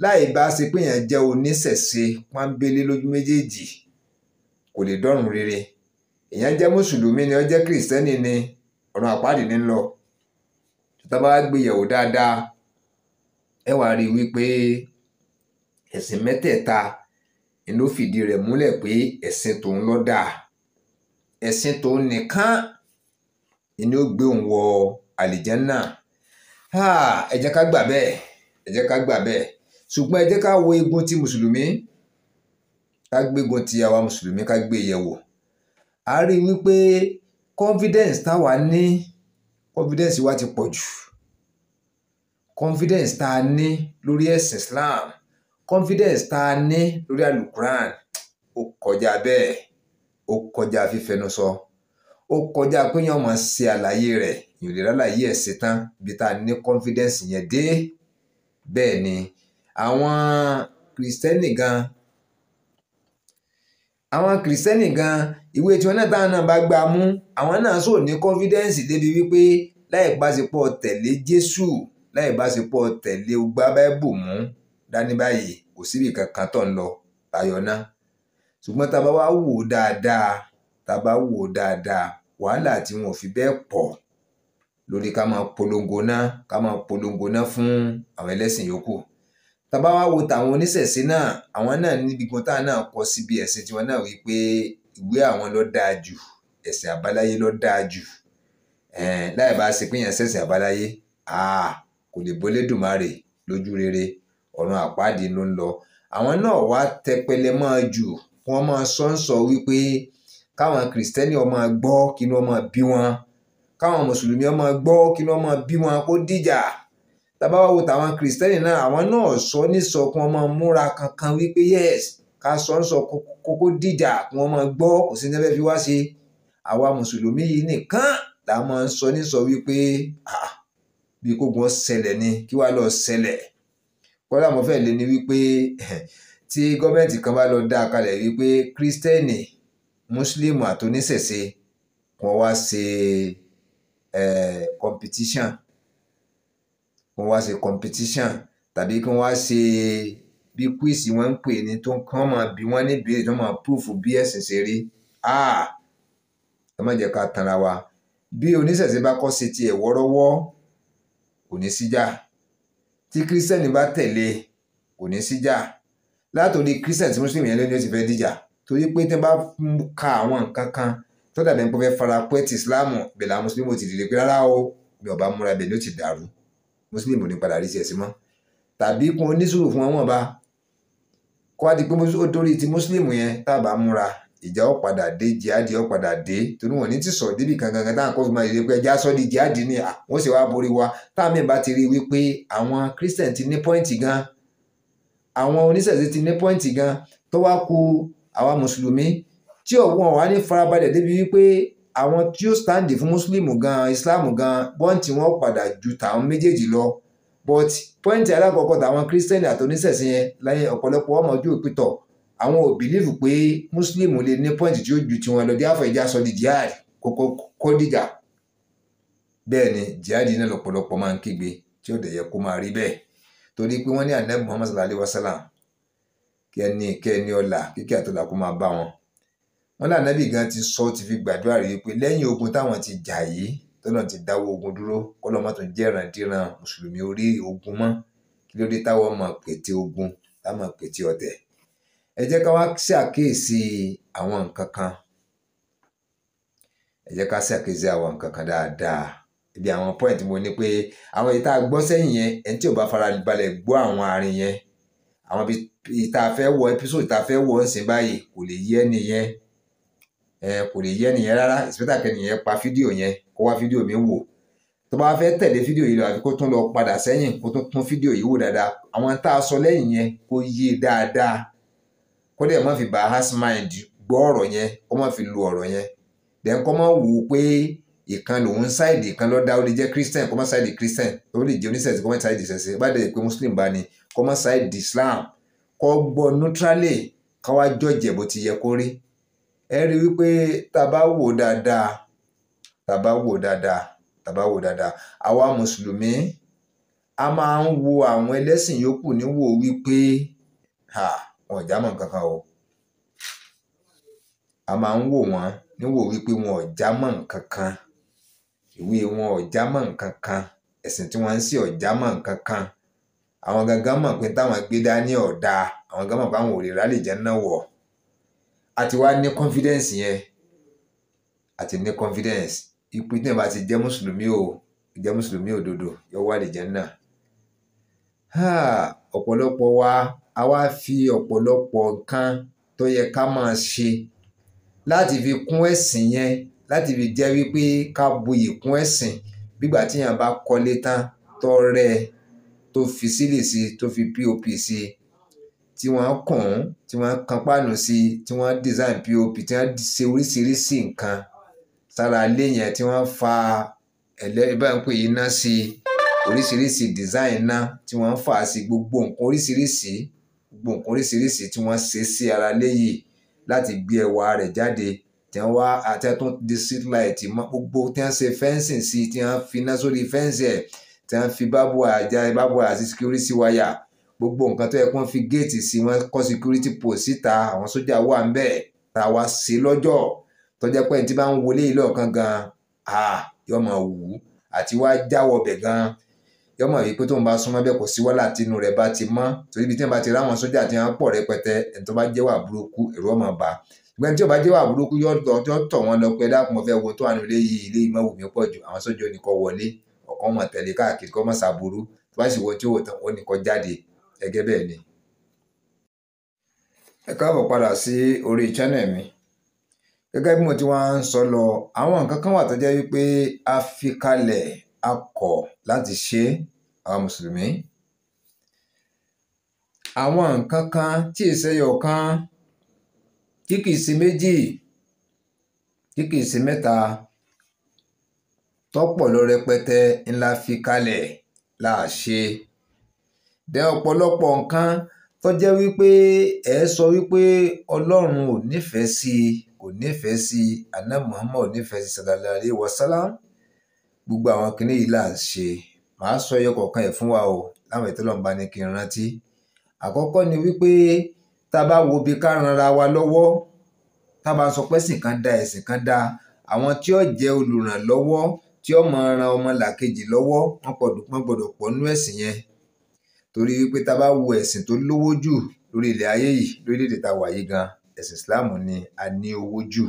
láì bá ṣe pé èèyàn jẹ́ oníṣẹ̀ṣe pọ́nbélé lójú méjèèjì kò lè dọ́run rere èèyàn jẹ́ mùsùlùmí ni ó jẹ́ kìrìsìtẹ́nì ni ọ̀run àpáàdì ní lọ tó bá gbéyẹ̀wò dáadáa ẹ wàá rí i wípé ẹ̀sìn mẹ́tẹ̀ẹ̀ta ni ló fìdí rẹ̀ múlẹ̀ pé ẹ̀sìn tòun ló dáa ẹ̀sìn tòun nìkan ni ó gbé òun wọ àlìjẹ́nnà ẹ jẹ́ ká gbà bẹ́ẹ̀ ẹ jẹ́ ká gbà bẹ́ẹ̀ ṣùgbọ́n ẹ jẹ́ ká wo igun ti mùsùlùmí ká gbégun ti àwa mùsùlùmí ká gbé yẹ̀wò a rí i wípé confidence táwa ní confidence wa ti pọ̀ jù confidence tá a ní lórí ẹ̀sìn Islam confidence tá a ní lórí alukuran ó kọjá bẹ́ẹ̀ ó kọjá fífẹnusọ ó kọjá pé yẹn máa ṣe àlàyé rẹ̀ ìrora àlàyé ẹ̀ ṣe tán tá a ní confidence yẹn dé bẹ́ẹ̀ ni àwọn kìrìsìtẹ́nì gan Àwọn Kìrìsìtẹ́nì gan-an, ìwé tiwọn náà táwọn náà bá gbá a mú, àwọn náà ṣò ní kọ́nfídẹ́ǹsì débi wípé láì bá ṣe o tẹ̀lé Jésù, láì bá ṣe o tẹ̀lé o gbá Báíbù mú dání báyìí, kò síbi kankan tó ń lọ tayọ náà. Ṣùgbọ́n tá bá wá wò ó dáadáa, tá bá wò ó dáadáa, wàhálà tí wọn ò fi bẹ́ẹ̀ pọ̀ lórí ká máa polongo náà, ká máa polongo náà fún àwọn ẹlẹ́sìn yòókù tàbá wá wo tàwọn oníṣẹ̀ṣe náà àwọn náà níbi gan táwọn náà kọ síbi ẹ̀sìn tiwọn náà wí pé ìwé àwọn ló dáa jù ẹ̀sìn àbáláyé ló dáa jù láì bá ṣe pé yẹn ṣẹ̀sìn àbáláyé kò lè bọ́lẹ́dùmarè lójú rere ọ̀run àpáàdé ló ń lọ àwọn náà wá tẹpẹlẹ mọ́ jù wọ́n máa sọ́nsọ wípé káwọn kìrìsìtẹ́nì ó máa gbọ́ kí ni ó máa bí wọn káwọn mùsùlùmí ó gbọ́ kí ni máa bí wọn kó dìjà tàbá wá wo tàwọn kìrìsìtẹ́nì náà àwọn náà sọ ní sọ kí wọ́n máa múra kankan wípé yes ká sọ ń sọ kókó dìjà kí wọ́n máa gbọ́ kò sí níbẹ̀ fi wá ṣe àwa mùsùlùmí yìí nìkan là máa ń sọ ní sọ wípé bí kógun ṣẹlẹ̀ ni kí wàá lọ ṣẹlẹ̀ kọ́lá mo fẹ́ lé ní wípé tí gọ́ọ̀mẹ̀ntì kan bá lọ dá a kalẹ̀ wípé kírísítẹ́nì mùsùlùmí àtòníṣẹ̀ṣe kí wá ṣe eh, competition wọ́n wá ṣe competition tàbí kí wọ́n wá ṣe bí quiz wọ́n ń pè ní tó kàn máa bí wọ́n ní ìbéèrè tó máa proof bí ẹ̀sìn ṣe rí ah ẹ má jẹ́ ká tanra wa bí oníṣẹ̀ṣe bá kọ́ ṣe tiẹ̀ wọ́rọ́wọ́ kò ní síjà tí kírísítẹ́nì bá tẹ̀lé kò ní síjà látòrí kírísítẹ́nì tí mùsùlùmí yẹn lónìí ó ti fẹ́ dìjà torí pé tí wọ́n bá ka àwọn nǹkan kan tó dàbí pé fẹ́ fara pẹ́ ti ìsìláàmù ìbẹ̀lẹ̀ àwọn mùsùlùmí ò ti dìde pé rárá o mi ò múra ibẹ̀ ló ti dàrú Muslim ò ní padà rí tiẹ̀ sí mọ́ tàbí kún onísùúrù fún wọn bá kó wá di pé ó torí ti mùsùlùmí yẹn tá a bá múra ìjà ó padà dé jihadi ó padà dé torí wọn ní ti sọ débi kankan kan táwọn kófì máa yẹ pé ẹja sọ di jihadi ni wọn sì wá borí wa táàmì bá ti rí wípé àwọn christian ti ní pọ́ìntì gan àwọn oníṣẹ̀ṣe ti ní pọ́ìntì gan tó wá ku àwa mùsùlùmí tí ọ̀wọ́n wa ní farabalẹ̀ débi wípé àwọn tí ó stand fún Muslimu gan Islamu gan pọ́ǹtì wọn padà ju tàwọn méjèèjì lọ but pọ́ǹtì alákọ̀ọ́kọ́ tàwọn kírísítẹ́nì àtọ́nísẹ̀sìn yẹn láyé ọ̀pọ̀lọpọ̀ ọmọ ojú ìpìtọ̀ àwọn ò bìlífù pé mùsùlùmí lè ní pọ́ǹtì tí ó ju tiwọn lọ díàfọ̀ ìjà sọ di jihad kókó kódìjà bẹ́ẹ̀ ni jihad náà lọ̀pọ̀lọpọ̀ máa ń kígbe tí ó dẹ̀ yẹ kó máa rí bẹ́ẹ̀ torí pé wọ́n ní ànábì muhammad sallallahu alayhi wa sallam kẹ́ni kẹ́ni ọ̀la kíkẹ́ àtọ́là kó máa bá wọn wọ́n ní ànábì gan ti sọ ti fi gbàdúrà rèé pé lẹ́yìn ogun táwọn ti jà yìí tọ́lọ́ ti dáwọ́ ogun dúró kọ́lọ́ má tún jẹ́ ìrandíran mùsùlùmí orí ogun mọ́ kí ló dé táwọn mọ̀ pété ogun táwọn mọ̀ pété ọ̀tẹ̀ ẹ jẹ́ ká wá ṣàkíyèsí àwọn nǹkan kan ẹ jẹ́ ká ṣàkíyèsí àwọn nǹkan kan dáadáa ibi àwọn point mo ní pé àwọn ìta gbọ́ sẹ́yìn yẹn ẹni tí ò bá fara balẹ̀ gbọ́ àwọn àárín yẹn àwọn ìta fẹ́ wọ episode ìta fẹ́ wọ ń báyìí kò lè yé ẹni yẹn kò lè yé ẹnìyẹn rárá ìsìpẹ́tà kẹ́nìyẹn pa fídíò yẹn kó wá fídíò mi wò tó bá fẹ́ tẹ̀lé fídíò yìí lọ àfi kó tún lọ padà sẹ́yìn kó tún tún fídíò yìí wò dáadáa àwọn tá a sọ lẹ́yìn yẹn kó yé e dáadáa kó dẹ̀ má fi bá hasmind gbọ́ ọ̀rọ̀ yẹn kó má fi lu ọ̀rọ̀ yẹn dẹ̀ kó má wò ó pé ìkan lòun ṣáìdì kan lọ́dá ó lè jẹ́ christian kó má ṣáìdì christian ó lè jẹ́ oníṣẹ̀ṣẹ̀ kó má ṣáìdì ṣẹ̀ṣẹ̀ bá dẹ̀ pé muslim bá ní kó má ṣáìdì islam kó gbọ́ neutrally káwá jọ̀jẹ̀ bó ti yẹ kó rí ẹ rí wípé tá wò dáadáa a ma wò dáadáa wò dáadáa wo àwọn ẹlẹ́sìn yòókù níwò wípé wọn ò mọ kankan o a máa ń wò wọ́n níwò wípé wọn ò já kankan ìwé wọn ò já mọ́ si ẹ̀sìn tí wọ́n ń sìn ò já mọ́ àwọn gangan mọ̀ pé táwọn gbé dání àwọn gangan mọ̀ pé àwọn lè jẹ́ náà wọ̀ àti wá ní confidence yẹn àti ní confidence ipò tí nàìjíríà ti jẹ́ mùsùlùmí o jẹ́ mùsùlùmí òdodo yóò wà lìjẹ́ náà ọ̀pọ̀lọpọ̀ wa a wá fi ọ̀pọ̀lọpọ̀ nǹkan tó yẹ ká máa ṣe láti fi kún ẹ̀sìn yẹn láti fi jẹ́ wípé ká buyì kún ẹ̀sìn gbígbà tí yàn bá kọ́lé tán tó rẹ̀ tó fi sílẹ̀ sí tó fi pop sí i tí wọ́n kùn ún tí wọ́n kan páànù sí i tí wọ́n design pop tí wọ́n ṣe oríṣiríṣi nǹkan sára ilé yẹn tí wọ́n fa ẹlẹ́bàápẹ́ iná sí i oríṣiríṣi design náà tí wọ́n fà á sí gbogbo nǹkan oríṣiríṣi gbogbo nǹkan oríṣiríṣi tí wọ́n ṣe sí ara ilé yìí láti gbé ẹwà rẹ̀ jáde tí wọ́n wá àtẹ́tún di street light mọ́ gbogbo tí wọ́n ṣe fẹ́ǹsì sí i tí wọ́n fi iná sórí fẹ́ǹsì ẹ̀ tí wọ́n fi bábùà àjà bábùà àti security wire gbogbo nǹkan tó yẹ kí wọ́n fi géètì sí wọ́n kọ́ security post síta àwọn sójà wà ń bẹ̀ ara wa sí lọ́jọ́ tọ́jà pé tí bá ń wọlé ilé ọ̀kan gan yóò máa wù ú àti wá jáwọ́ ọbẹ̀ gan yóò máa wí pé tóun bá súnmọ́ bẹ́ẹ̀ kò sí wàhálà tínú rẹ̀ bá ti mọ́ torí ibi tí wọ́n bá ti ráwọn sójà tí wọ́n pọ̀ rẹpẹtẹ ẹni tó bá jẹ́wà burúkú ẹ̀rọ ọmọ bá ṣùgbọ́n tí ò bá jẹ́wà burúkú yóò tọ̀ wọ́n lọ pé dákun mo fẹ́ wo tó wà nílé yìí ilé ìmọ̀wù mi pọ̀ jù àwọn sójà ò ní kọ́ wọlé ọ̀kan mọ̀ tẹ̀lé káàkiri kọ́ mọ̀ sàbúrú tó bá sì wo tí ò tán ó ní kọ́ jáde gẹ́gẹ́ bẹ́ẹ̀ ni. ẹ káàbọ̀ padà sí orí channel mi gẹ́gẹ́ bí mo ti wá ń sọ lọ àwọn nǹkan kan wà tó jẹ́ wípé a fi kalẹ̀ a kọ̀ láti ṣe àwọn mùsùlùmí àwọn nǹkan kan tí ìṣẹ́yọ̀ kan tí kìí ṣe méjì tí kìí ṣe mẹ́ta tọ́pọ̀ lọ rẹpẹtẹ ńlá fi kalẹ̀ láà ṣe dẹ ọ̀pọ̀lọpọ̀ nǹkan tó jẹ́ wípé ẹ sọ wípé ọlọ́run ò nífẹ̀ẹ́ sí i kò sí i àná Muhammad ò nífẹ̀ẹ́ sí sallallahu alaihi wasallam gbogbo àwọn kìnìún yìí là ń ṣe màá sọ ẹyọ kọ̀ọ̀kan ẹ̀ fún wa o láwọn ètò ọlọ́mọba ni kí n rántí àkọ́kọ́ ni wípé tá a bá wo bí ká ranra wa lọ́wọ́ tá a bá sọ pé ẹ̀sìn kan da ẹ̀sìn kan da àwọn tí ó jẹ́ olùrànlọ́wọ́ tí ó máa ran ọmọ làkejì lọ́wọ́ wọn gbọ́dọ̀ pọ̀ nínú ẹ̀sìn yẹn torí wípé tá a bá wo ẹ̀sìn tó lówó jù lórí ilẹ̀ ayé yìí lórílẹ̀‐èdè tá a wà yìí gan ẹ̀sìn Islam ni a ní owó jù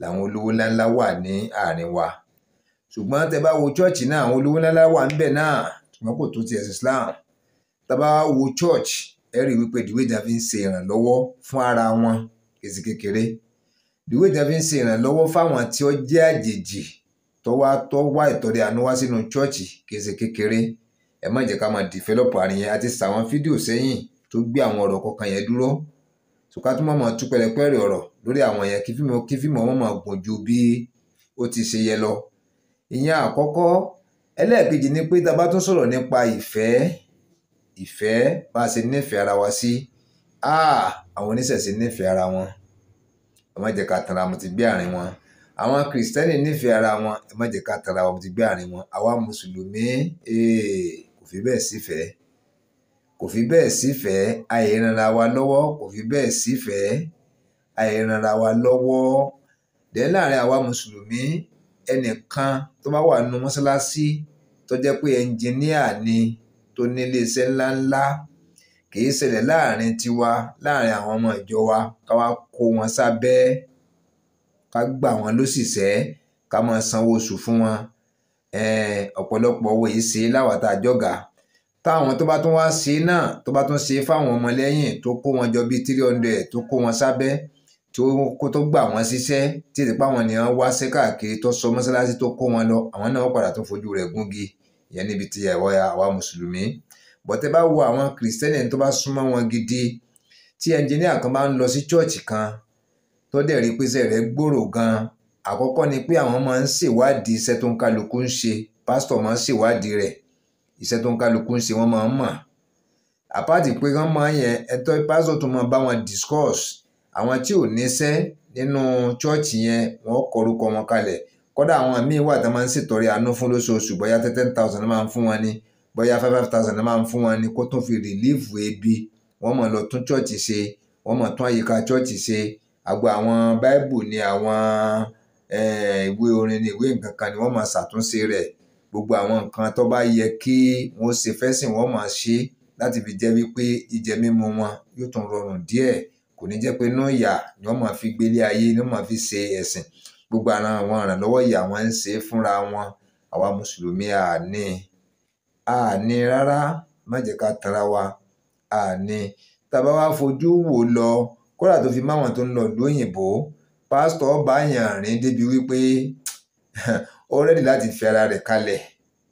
làwọn olówó ńláńlá wà ní àárín wa ṣùgbọ́n tẹ bá wo chọ́ọ̀chì náà àwọn olówó ńláńlá wà ńbẹ̀ náà ṣùgbọ́n kò tó ti ẹ̀sìn Islam tá a bá wo chọ́ọ̀chì ẹ rí wípé dìwé ìjà fi ń ṣe ìrànlọ́wọ́ fún ara wọn kèsì kékeré dìwé ìjà fi ń ṣe ìrànlọ́wọ́ fáwọn tí ó jẹ́ àjèjì tó wá tó àánú wá sínú chọ́ọ̀chì kèsì kékeré ẹ má jẹ́ ká máa develop àárín yẹn àti sàwọn fídíò sẹ́yìn tó gbé àwọn ọ̀rọ̀ kọ̀ọ̀kan yẹn dúró ṣùkà tó mọ̀ mọ̀ tú pẹ̀rẹ̀pẹ̀rẹ̀ ọ̀rọ̀ lórí àwọn yẹn kí fíìmù kí fíìmù ọmọ máa gùn ju bí ó ti ṣe yẹ lọ ìyẹn àkọ́kọ́ ẹlẹ́ẹ̀kejì ni pé tá a bá tún sọ̀rọ̀ nípa ìfẹ́ ìfẹ́ bá a ṣe nífẹ̀ẹ́ ara wa sí ah! àwọn oníṣẹ̀ṣe nífẹ̀ẹ́ ara wọn ẹ má jẹ́ ká tanra mo ti gbé àárín wọn àwọn kìrìsìtẹ́nì nífẹ̀ẹ́ ara wọn ẹ má jẹ́ ká tanra mo ti gbé àárín wọn àwa mùsùlùmí ee. Eh, kò fi bẹ́ẹ̀ sífẹ̀ẹ́ kò fi bẹ́ẹ̀ sífẹ̀ẹ́ àìranra wa lọ́wọ́ kò fi bẹ́ẹ̀ sífẹ̀ẹ́ àìranra wa lọ́wọ́ dẹ̀ láàrin àwa mùsùlùmí ẹnìkan tó bá wà nínú mọ́ṣáláṣí tó jẹ́ pé ẹnjìníà ni tó ní iléeṣẹ́ ńláńlá kìí ṣẹlẹ̀ láàrin tiwa láàrin àwọn ọmọ ìjọ wa ká wá kó wọn sábẹ́ ká gbà wọn lóṣìṣẹ́ ká máa sanwó oṣù fún wọn ọ̀pọ̀lọpọ̀ owó yìí ṣe láwa tá a jọ̀gá táwọn tó bá tún wá ṣe náà tó bá tún ṣe fáwọn ọmọlẹ́yìn tó kó wọn jọ bíi three hundred tó kó wọn sábẹ́ tó tó gbà wọ́n ṣiṣẹ́ tí ìdìpá wọn ni wọ́n wá sí káàkiri tó sọ mọ́ṣáláṣí tó kó wọn lọ àwọn náà padà tó fojú rẹ̀ gúngi ìyẹn níbi tí ẹ̀wọ́ ya àwa mùsùlùmí bọ̀tẹ́ bá wo àwọn kìrìsìtẹ́nì tó bá súnmọ́ wọn gidi tí ẹnjìníà kan bá ń lọ sí chọ́ọ̀chì kan tó dẹ̀ rí pé rẹ̀ gbòòrò gan àkọ́kọ́ ni pé àwọn máa ń ṣèwádìí iṣẹ́ tó ń kálukú ń ṣe pásítọ̀ máa ń ṣèwádìí rẹ̀ iṣẹ́ tó ń kálukú ń ṣe wọ́n máa ń mọ̀ àpáàtì pé wọ́n máa ń yẹn ẹ̀tọ́ pásítọ̀ tó máa bá wọn discuss àwọn tí ò níṣẹ́ nínú chọ́ọ̀chì yẹn wọ́n kọrúkọ wọn kalẹ̀ kódà àwọn míín wà tó máa ń ṣètọrẹ àánú fún lóṣooṣù bóyá ten thousand máa ń fún wọn ni bóyá five five thousand máa ń fún wọn ni kó tún fi rìlíìfù ebi wọ́n máa lọ tún chọ́ọ̀chì ṣe wọ́n máa tún àyíká chọ́ọ̀chì ṣe àgbà àwọn ni àwọn. Eh, ìwé orin ni ìwé nǹkan kan ni wọ́n máa ṣàtúnṣe rẹ̀ gbogbo àwọn nǹkan tó bá yẹ kí wọ́n ṣe fẹ́sìn wọ́n máa ṣe láti fi jẹ́ wípé jíjẹ mímu wọn yóò tún rọrùn díẹ̀ kò ní jẹ́ pé inú ìyà ni wọ́n máa fi gbélé ayé ni wọ́n máa fi ṣe ẹ̀sìn gbogbo ara àwọn ìrànlọ́wọ́ ìyà wọn ń ṣe fúnra wọn àwa mùsùlùmí àní àní rárá má jẹ́ ká tanra wa àní tàbá wa fojú wò lọ kódà tó fi máwọn pásítọ̀ báyàn rìn débi wípé ó rẹ́dì láti fi ara rẹ̀ kalẹ̀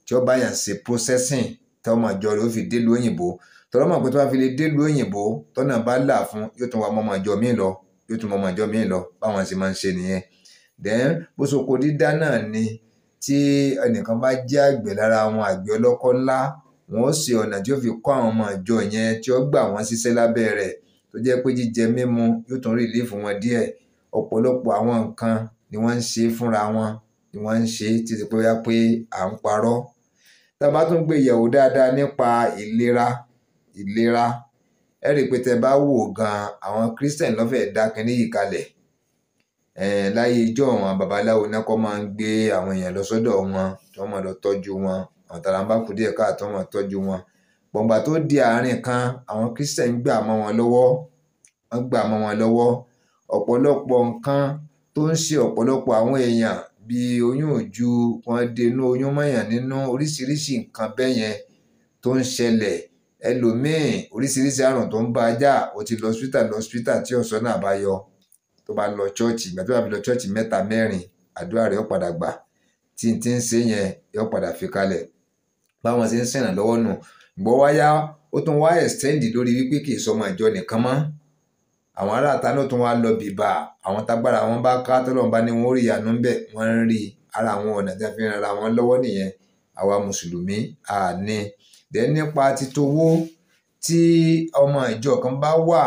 tí ó báyàn ṣe processing tí ọmọ ìjọ rẹ̀ ó fi délùú òyìnbó tọ́lọ́ mọ̀ pé tó bá fi lè délùú òyìnbó tọ́nà bá là fún yóò tún wá ọmọ ìjọ míì lọ yóò tún ọmọ ìjọ míì lọ báwọn ṣe máa ń ṣe nìyẹn then bó soko dídá náà ni tí ẹnìkan bá jẹ́ àgbẹ̀ lára àwọn àgbẹ̀ ọlọ́kọ́ ńlá wọn ó ṣe ọ̀nà tí ó fi kọ́ àwọn ọmọ ìjọ yẹn tí ó gbà wọ́n ṣiṣẹ́ lábẹ́ rẹ̀ tó jẹ́ pé jíjẹ mímu yóò tún rìlífù wọn díẹ̀ ọ̀pọ̀lọpọ̀ àwọn nǹkan ni wọ́n ń ṣe fúnra wọn ni wọ́n ń ṣe tí ti pé wá pé à ń parọ́ tá a bá tún gbé yẹ̀wò dáadáa nípa ìlera ìlera ẹ rí i pé tẹ bá wò gan àwọn Christian lọ́fẹ̀ẹ́ dá kínní yìí kalẹ̀ láyé ijó àwọn babaláwo náà kọ́ máa ń gbé àwọn èèyàn lọ sọ́dọ̀ wọn tí wọ́n máa lọ tọ́jú wọn àwọn tààrà ń bá kú díẹ̀ káàtó wọn tọ́jú wọn gbọ̀ngbà tó di àárín kan àwọn Christian gbà mọ́ wọn lọ́wọ́ wọ́n gbà mọ́ wọn lọ́wọ́ ọ̀pọ̀lọpọ̀ nǹkan tó ń ṣe ọ̀pọ̀lọpọ̀ àwọn èèyàn bíi oyún òjú wọn denú oyún mọ́yàn nínú oríṣiríṣi nǹkan bẹ́ẹ̀ yẹn tó ń ṣẹlẹ̀ ẹlòmíì oríṣiríṣi àrùn tó ń bá a jà ó ti lọ hospital lọ hospital tí ọ̀sán náà bá yọ tó bá lọ chọ́ọ̀chì ìgbà tó bá fi lọ chọ́ọ̀chì mẹ́ta mẹ́rin àdúrà rẹ̀ ó padà gbà tí n ti ń ṣe yẹn yóò padà fi kalẹ̀ báwọn ṣe ń ṣèrànlọ́wọ́ nù gbọ́ wáyá ó tún wá extend lórí wípé kì í sọmọ ìjọ nìkan mọ́ àwọn aráàta náà tún wá lọ bìbà àwọn tágbára wọn bá ká tọ́lọ́run bá ní wọn ó rí ìyanu ńbẹ̀ wọ́n ń rí ara àwọn ọ̀nà tí wọ́n fi ń ran ara wọn lọ́wọ́ nìyẹn àwa mùsùlùmí àní dẹ̀ nípa titowó tí ọmọ ìjọ kan bá wà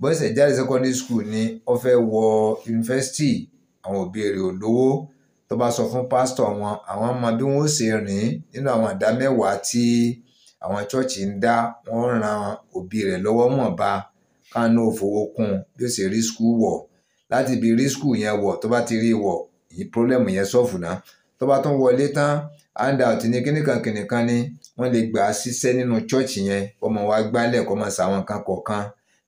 bọ́sẹ̀ jáde secondary school ni wọ́n fẹ́ wọ yunifásitì àwọn òbí rẹ̀ ò lówó tó bá sọ fún pásítọ̀ wọn àwọn ọmọ bí wọ́n ṣe rìn nínú àwọn ìdá tí àwọn chọ́ọ̀chì Kano fowó kún bí ó ṣe rí school wọ̀ láti ibi rí school yẹn wọ̀ tó bá ti rí wọ̀ problem yẹn sọ́ọ̀fù náà tó bá tún wọlé tán handout ní kíníkan kíníkan ni wọ́n lè gbà á ṣiṣẹ́ nínú church yẹn ọmọ wa gbálẹ̀ kọ́ máa ṣàwọn nǹkan kọ̀ọ̀kan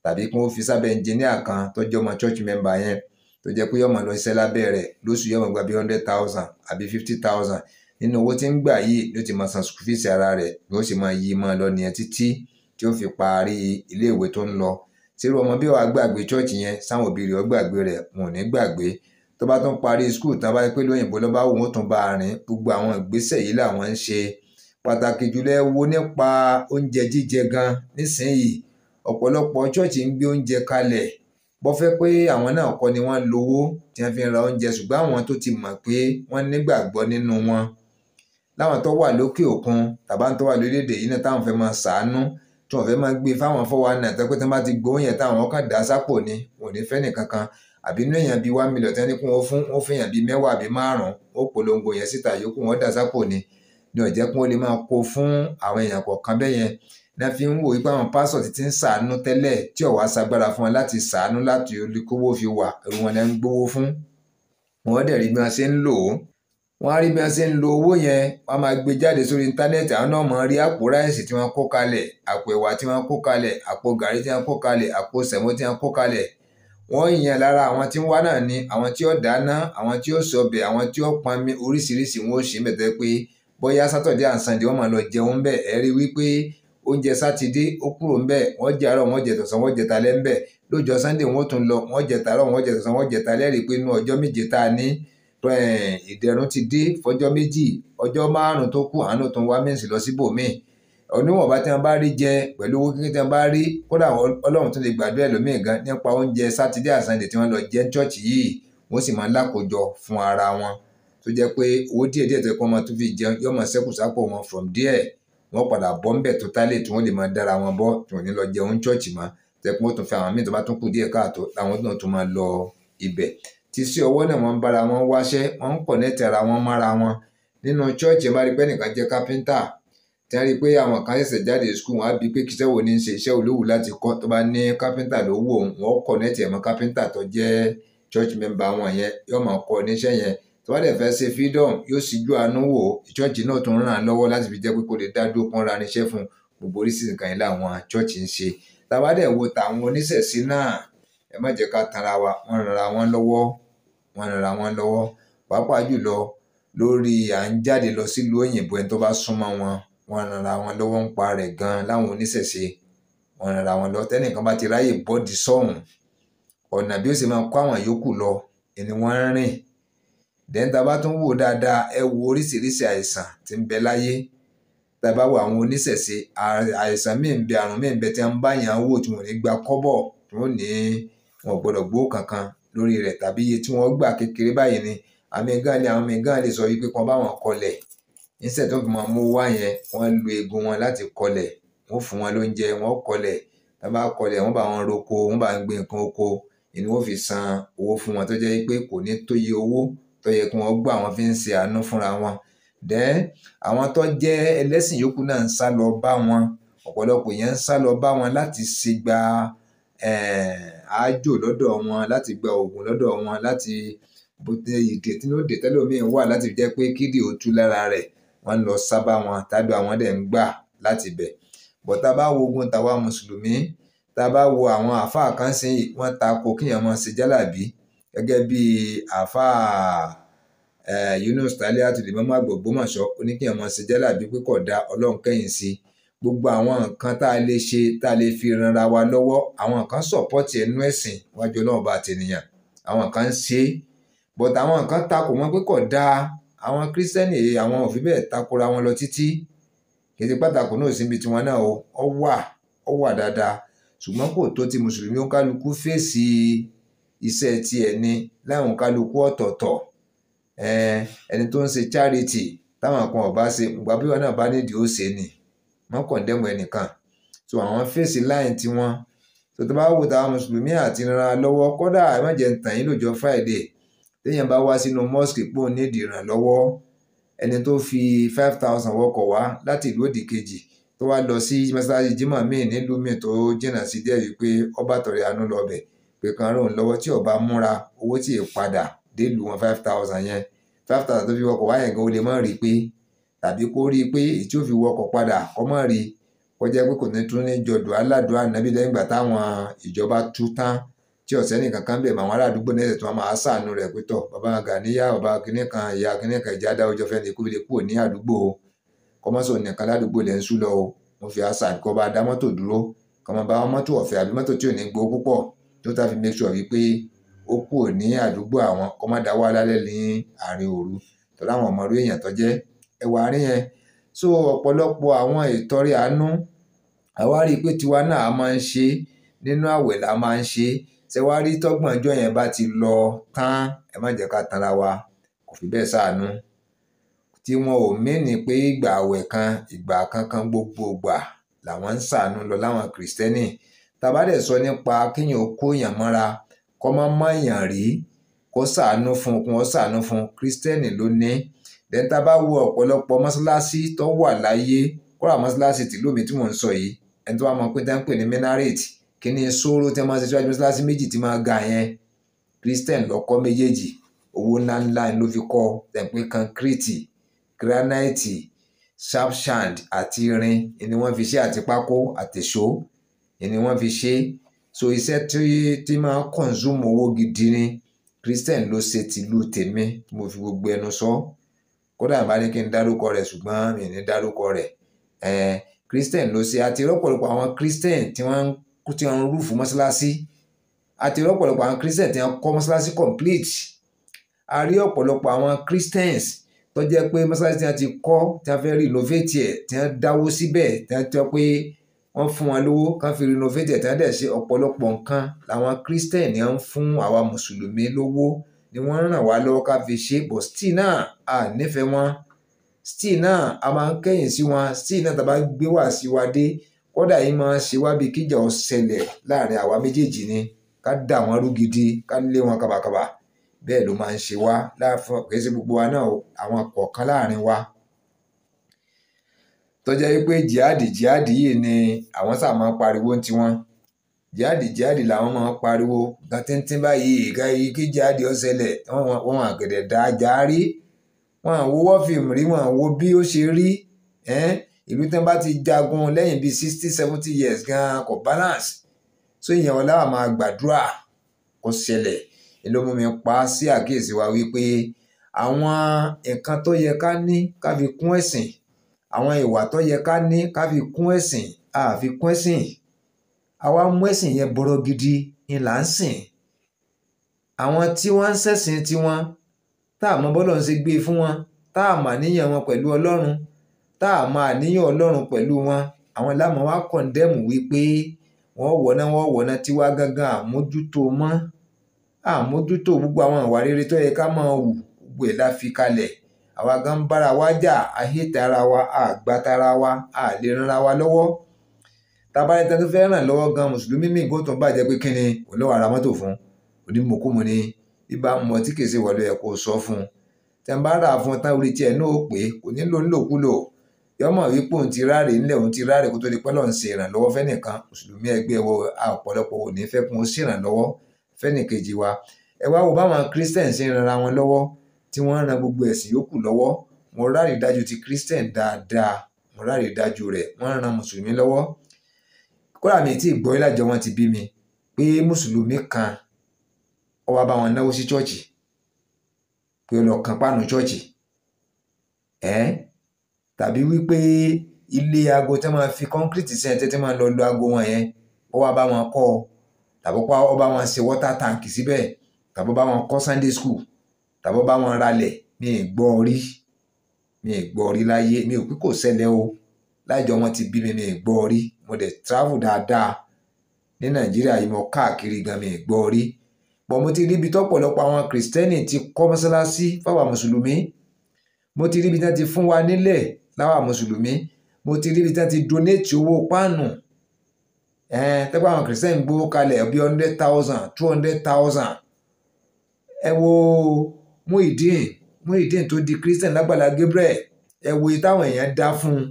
tàbí kí wọ́n fi sábẹ́ engineer kan tó jẹ́ ọmọ church member yẹn tó jẹ́ pé yọmọ lọ iṣẹ́ lábẹ́ rẹ̀ lóṣù yọmọ gba bí hundred thousand àbí fifty thousand nínú owó tí ń gbà yìí ló ti máa san school fees ara rẹ̀ ló sì máa yí máa lọ nìyẹn títí tí ó fi parí iléèwé tó ń lọ tí irú ọmọ bí wàá gbàgbé chọ́ọ̀chì yẹn sáwọn òbí rẹ̀ ó gbàgbé rẹ̀ wọn ò ní gbàgbé tó bá tún parí skul tán bá pé lóyìnbó ló bá wù wọ́n tún bá a rìn gbogbo àwọn ìgbésẹ̀ yìí làwọn ń ṣe pàtàkì jùlọ ẹ wo nípa oúnjẹ jíjẹ gan nísìnyìí ọ̀pọ̀lọpọ̀ chọ́ọ̀chì ń gbé oúnjẹ kalẹ̀ bọ́ fẹ́ pé àwọn náà kọ́ ni wọ́n lówó tí wọ́n fi ń ra oúnjẹ ṣùgbọ́n àwọn tó ti mọ̀ pé wọ́n nígbàgbọ́ nínú wọn láwọn tó wà lókè òkun tàbá tó wà lórílẹ̀‐èdè yìí náà táwọn fẹ́ máa ṣàánú tí wọ́n fẹ́ máa gbé fáwọn fọwọ́ àná tẹ́ pé tí wọ́n bá ti gbóhùn yẹn táwọn kan dà sápò ni wọn ò ní fẹ́ nìkankan àbí inú èèyàn bíi one million tẹ́ni kún wọn fún wọn fún èèyàn bíi mẹ́wàá àbí márùn-ún ó polongo yẹn síta yòókù wọn dà sápò ni ni ọ̀jẹ́ kún ó lè máa kó fún àwọn èèyàn kọ̀ọ̀kan bẹ́ẹ̀ yẹn náà fi ń wò wípé àwọn pásọ̀ ti ti ń sàánú tẹ́lẹ̀ tí ọ̀wá sagbára fún wọn láti sàánú láti olùkówó fi wà òun wọn lẹ́ ń gbowó fún wọn dẹ̀ rí bí wọ́n ṣe ń lò ó wọ́n á rí bí wọ́n ṣe ń lo owó yẹn wọ́n á máa gbé jáde sórí íńtánẹ́ẹ̀tì àwọn náà máa rí àpò ráìsì tí wọ́n kó kalẹ̀ àpò ẹ̀wà tí wọ́n kó kalẹ̀ àpò gàrí tí wọ́n kó kalẹ̀ àpò sẹ̀mó tí wọ́n kó kalẹ̀ wọ́n yàn lára àwọn tí ń wá náà ni àwọn tí ó dáná àwọn tí ó sọbẹ̀ àwọn tí ó pọnmi oríṣiríṣi wọn ó ṣe mẹ́tẹ́ pé bóyá sátọ̀dé àǹsàndé ìdẹ̀rùn ti dé fọjọ́ méjì ọjọ́ márùn-ún tó kù àánú tó ń wá mẹ́sì lọ síbòmíì oníwọ̀nba tí wọ́n bá rí jẹ pẹ̀lú owó kékeré tí wọ́n bá rí kódà ọlọ́run tó lè gbàdúrà ẹlòmíì gan nípa oúnjẹ sátidé àsàndè tí wọ́n lọ jẹ chọ́ọ̀chì yìí wọ́n sì máa ń lákòjọ fún ara wọn tó jẹ́ pé owó díẹ̀ díẹ̀ tó kọ́ ọmọ tó fi jẹun yóò máa ṣẹ́kù sápò wọn from there wọ́n padà bọ́ ń bẹ̀ tó tálẹ̀ tí wọ́n lè máa dára wọn bọ́ tí wọ́n ní lọ jẹun chọ́ọ̀chì ti sí ọwọ́ náà wọ́n ń bára wọn wáṣẹ́ wọ́n ń kọ̀nẹ́tì ara wọn mára wọn nínú chọ́ọ̀chì bá rí pé ẹnìkan jẹ́ kápẹ́ńtà tí wọ́n rí pé àwọn kan ṣẹ̀ṣẹ̀ jáde skul wọn á bi pé kíṣẹ́ wo ni ń ṣe iṣẹ́ olówó láti kọ́ tó bá ní kápẹ́ńtà ló wò wọ́n kọ̀nẹ́tì ẹ̀mọ́ kápẹ́ńtà tó jẹ́ church member wọn yẹn yóò máa kọ́ níṣẹ́ yẹn tó bá dẹ̀ fẹ́ ṣe freedom yóò ṣíjú àánú wò church náà tún ràn án lọ́wọ́ láti fi jẹ́ pé kó lè dá dúró pọ́nra níṣẹ́ fún gbogbo oríṣi nǹkan yìí làwọn church ń ṣe tá bá dẹ̀ wo tàwọn oníṣẹ̀ṣe náà wọ́n ran ara wọn lọ́wọ́ pàápàá jùlọ lórí à ń jáde lọ sílùú òyìnbó ẹni tó bá súnmọ́ wọn wọ́n ran ara wọn lọ́wọ́ ń pa rẹ̀ gan láwọn oníṣẹ̀ṣe wọ́n ran ara wọn lọ tẹ́nìkan bá ti ráyè bọ́ọ̀dì sọ́hùn ọ̀nà bí ó ṣe máa kó àwọn yòókù lọ ni wọ́n ń rìn dẹ́ńtà bá tún wò dáadáa ẹ wo oríṣiríṣi àìsàn tí ń bẹ láyé tàbá wo àwọn oníṣẹ̀ṣe àìsàn míì ń bẹ àrùn míì ń bẹ tí wọ́n ń bá yàn án wò tí wọ́n ò ní gba kọ́bọ̀ tí wọ́n ò ní wọn ò gbọ́dọ̀ gbowó kankan lórí rẹ̀ tàbí iye tí wọ́n gbà kékeré báyìí ni àmì gan ni àwọn míì gan lè sọ wípé kan báwọn kọlẹ̀ níṣẹ́ tó fi máa mú wá yẹn wọ́n lu eegun wọn láti kọlẹ̀ wọ́n fún wọn lóúnjẹ wọ́n kọlẹ̀ tá bá kọlẹ̀ wọ́n bá wọn roko wọ́n bá ń gbé nǹkan oko ni wọ́n fi san owó fún wọn tó jẹ́ pé kò ní tó iye owó tó yẹ kí wọ́n gbà wọ́n fi ń ṣe àánú fúnra wọn dẹ́ àwọn tó jẹ́ ẹlẹ́sìn yòókù náà ń sá lọ bá wọn ọ̀pọ̀lọpọ̀ yẹn ń sá lọ bá wọn láti ṣe gba àájò eh, lọ́dọ̀ wọn láti gba oògùn lọ́dọ̀ wọn láti ìdè tí ló dé tẹ́lómi wà láti jẹ́ pé kídì ó tú lára rẹ̀ wọ́n lọ sábà wọn tábí àwọn dẹ̀ ń gbà láti bẹ̀ bọ̀ tá a bá wo ogun tàwa mùsùlùmí tá a bá wo àwọn àáfàá kan sí wọ́n ta ko kíyàn mọ́ ṣe jálàbí gẹ́gẹ́ bí àáfàá eh, Yunus Taliatu lè mọ́ oníkíyàn mọ́ ṣe jálàbí pé kódà ọlọ́run kẹ́yìn sí i gbogbo àwọn nǹkan tá a lè ṣe tá a lè fi ranra wa lọ́wọ́ àwọn kan sọ̀pọ́tì ẹnu ẹ̀sìn wájú ọlọ́run bá ti nìyàn àwọn kan ń ṣe é but àwọn kan takò wọn pé kò dáa àwọn kírísítẹ́nì àwọn òfin bẹ́ẹ̀ takora wọn lọ títí kìí pàtàkì náà síbi tiwọn náà o ọ wà ọ wà dáadáa ṣùgbọ́n kò tó ti mùsùlùmí ó kálukú fèsì iṣẹ́ tiẹ̀ ni láwọn kálukú ọ̀tọ̀ọ̀tọ̀ ẹni tó ń ṣe charity táwọn kan ò bá ṣe ìgbà bí wọn náà bá nídìí ó ṣe ni wọ́n condemn ẹnìkan so àwọn fèsì line tí wọ́n so tó bá wò táwọn mùsùlùmí àti ìran lọ́wọ́ kódà ẹ má jẹ́ yín lọ́jọ́ Friday téèyàn bá wá sínú mosque pò nídìí ìrànlọ́wọ́ ẹni tó fi five thousand wọkọ̀ wá láti ìlú òdì kejì tó wá lọ sí mọ́sálásí jimoh míì nílùú míì tó jìnnà sí díẹ̀ yìí pé ọba tọrẹ àánú lọ́bẹ̀ pé kan ràn lọ́wọ́ tí ọba múra owó tí ì padà délùú wọn five thousand yẹn five thousand tó fi wọkọ̀ wá yẹn gan ó lè má rí i pé tàbí kó rí i pé èyí tí ó fi wọkọ̀ padà kọ́mọ́ rí kó jẹ́ pé kò ní tún ní jọdọ̀ aládùn ànábì lẹ́yìn ìgbà táwọn ìjọba tú tán tí ọ̀sẹ́ nìkan kan bẹ̀ mọ́ àwọn aládùúgbò náà ẹ̀sẹ̀ tí wọ́n máa ṣàánú rẹ̀ pé tọ̀ bàbá Gàníyà bàbá kínní kan ìyá kínní kan ìjà dáwọ́jọ fẹ́ ni kúbi lè kúrò ní àdúgbò kọ́mọ́sọ nìkan ládùúgbò lẹ́ ń sú lọ o mo fi àṣà kọ́ bá dá mọ́tò dúró kọ́mọ bá mọ́tò ọ̀fẹ́ àbí mọ́tò tí ò ní gbó púpọ̀ tó tá fi make sure wípé ó kúrò ní àdúgbò àwọn kọ́mọ́dáwọ́ alálẹ́ ní àárín ẹ̀wà rí yẹn so ọ̀pọ̀lọpọ̀ àwọn ìtọrẹ àánú àwa rí i pé tiwa náà a máa ń ṣe nínú àwẹ̀ la máa ń ṣe ṣe wá rí tọ́gbọ̀njọ́ yẹn bá ti lọ tán ẹ má jẹ́ ká tanra wa kò fi bẹ́ẹ̀ ṣàánú tí wọn ò mẹ́ni pé ìgbà àwẹ̀ kan ìgbà kankan gbogbo ìgbà làwọn ń ṣàánú lọ láwọn kìrìsìtẹ́nì tàbá dẹ̀ sọ nípa kéèyàn kó èèyàn mọ́ra kọ́ mọ́ mọ́ èèyàn rí kó ṣàánú fún kó ṣàánú fún kìrìsìtẹ́nì ló ní then bá wo ọ̀pọ̀lọpọ̀ mọ́ṣáláṣí tó wà láyé kóra mọ́ṣáláṣí tìlú mi tí mò ń sọ yìí ẹni tó bá mọ pé tá ń pè ní minaret kí ni sóró tí wọ́n máa ṣe síwájú mọ́ṣáláṣí méjì tí máa ga yẹn christian lọ́kọ́ méjèèjì owó ńláńlá ni ló fi kọ́ tẹ̀pẹ́ kankiriti granite sharpshand àti irin ni wọ́n fi ṣe àti pákó àtèṣó ni wọ́n fi ṣe so iṣẹ́ tí tí máa consume owó gidi ni christian ló ṣe tìlú tèmi mo fi gbogbo ẹnu sọ kódà bá ní kí n dárúkọ rẹ̀ ṣùgbọ́n mi ní dárúkọ rẹ̀ christian ló ṣe àti rọ́pọ̀lọpọ̀ àwọn christian tí wọ́n ti ń rúfù mọ́ṣáláṣí àti rọ́pọ̀lọpọ̀ àwọn christian tí wọ́n kọ́ mọ́ṣáláṣí complete a rí ọ̀pọ̀lọpọ̀ àwọn christians tó jẹ́ pé mọ́ṣáláṣí tí wọ́n ti kọ́ tí wọ́n fẹ́ renovate ẹ̀ tí wọ́n dáwó síbẹ̀ tí wọ́n ti pé wọ́n fún wọn lówó kán fi renovate ẹ̀ tí wọ́n dẹ̀ ṣe ọ̀pọ̀lọpọ̀ nǹkan làwọn christian yẹn ń fún àwa mùsùlùmí lówó ni wọ́n ń ràn wá lọ́wọ́ ká fi ṣe bọ̀ still náà a nífẹ̀ẹ́ wọn still náà a máa ń kẹ́yìn sí wọn still náà tá gbé wá sí wa dé kódà yìí máa ń ṣe wá bí kíjà ó ṣẹlẹ̀ láàrin àwa méjèèjì ni ká dà wọ́n rú gidi ká lé wọn kàbàkàbà bẹ́ẹ̀ ló máa ń ṣe wá láàfọ̀ kìí ṣe gbogbo wa náà àwọn kọ̀ọ̀kan láàrin wa tọ́jà yìí pé jihadi jihadi yìí ni àwọn sáà máa ń pariwo ń tiwọn jihadi jihadi làwọn máa ń pariwo gan tíntín báyìí ìka yìí kí jihadi ó ṣẹlẹ̀ wọn àgẹ̀dẹ̀ dá ajá rí wọn àwòwọ́ fíìmù rí wọn àwo bí ó ṣe rí ìlú tí bá ti jagun lẹ́yìn bíi sixty seventy years gan kò balance so ìyẹn wọn láwọn máa gbàdúrà kó ṣẹlẹ̀ ló mú mi pa á sí àkíyèsí wa wípé àwọn nǹkan tó yẹ ká ní ká fi kún ẹ̀sìn àwọn ìwà tó yẹ ká ní ká fi kún ẹ̀sìn àfi kún ẹ̀sìn àwa mú ẹ̀sìn yẹn bọ̀rọ̀ gidi ni là ń sìn àwọn tí wọ́n ń ṣẹ̀sìn tiwọn tá a mọ bọ́lọ̀ ń ṣe gbé e fún wọn tá a mọ àníyàn wọn pẹ̀lú ọlọ́run tá a àníyàn ọlọ́run pẹ̀lú wọn àwọn ìlànà wa kọ̀ǹdẹ́mù wípé wọ́n wọ̀nà wọ́n wọ̀nà tiwa gangan àmójútó mọ́ àmójútó gbogbo àwọn ìwà rere tó yẹ ká máa wù gbogbo ẹ̀ la fi kalẹ̀ àwa gan bára wa jà àhètè ara wa àgbàtara wa àlè rànra wa lọ́wọ́ tábàárẹ tẹnu fẹ́ ràn lọ́wọ́ gan mùsùlùmí míì kó tún bàjẹ́ pé kíni olówó ara mọ́tò fún onímọ̀kúmu ni bíbá mọ̀ tí kèsè wọlé ẹ̀ kó sọ fún un tẹ̀m̀bára fún tán orí tiẹ̀ náà pé kò nílò nílòkulò yọmọ wípé òun ti ráre ńlẹ̀ òun ti ráre kó tó di pẹ́lọ́ ń ṣe ìrànlọ́wọ́ fẹ́nìkan mùsùlùmí ẹgbẹ́ wọ ọ̀pọ̀lọpọ̀ ò fẹ́ kún sí ìrànlọ́wọ́ fẹ́nìkejì wa ẹ wá wo báwọn christian ṣe ń ran ara wọn lọ́wọ́ tí wọ́n ń ran gbogbo ẹ̀sìn yòókù lọ́wọ́ mo ráre dájú ti christian dáadáa mo ráre dájú rẹ̀ wọ́n ń ran mùsùlùmí lọ́wọ́ kódà mi tí ìgbọ́ ìlàjọ wọn ti bí mi pé mùsùlùmí kan ó wá bá wọn náwó sí chọ́ọ̀chì pé ó lọ kan páànù chọ́ọ̀chì ẹ́ tàbí wípé ilé aago tí wọ́n máa fi kọ́ńkírìtì sí ẹ̀ tẹ́tẹ́ máa lọ lo aago wọn yẹn ó bá wọn kọ́ tàbí ó wọn ṣe water tank síbẹ̀ tàbí ó bá wọn kọ́ Sunday school tàbí ó bá wọn ralẹ̀ mi ì gbọ́ rí mi ì gbọ́ rí láyé mi ò pé kò ṣẹlẹ̀ o láìjọ wọn ti bí mi mi gbọ́ rí mo dẹ̀ travel dáadáa ní nàìjíríà yìí mo káàkiri gan mi gbọ́ rí bọ́n mo ti rí ibi tọ́pọ̀lọpọ̀ àwọn kìrìsìtẹ́nì ti kọ́ mọ́sálásí fáwọn mùsùlùmí mo ti rí ibi ti fún wa nílẹ̀ láwọn mùsùlùmí mo ti rí ibi tí wọ́n ti donate owó páànù tẹ́gbọ́n àwọn kìrìsìtẹ́nì gbówó kalẹ̀ bí hundred thousand two hundred thousand ẹ wo Muyideen Muyideen tó di kìrìsìtẹ́nì lágbàlá Gabriel ẹ wo iye táwọn èèyàn dá fún un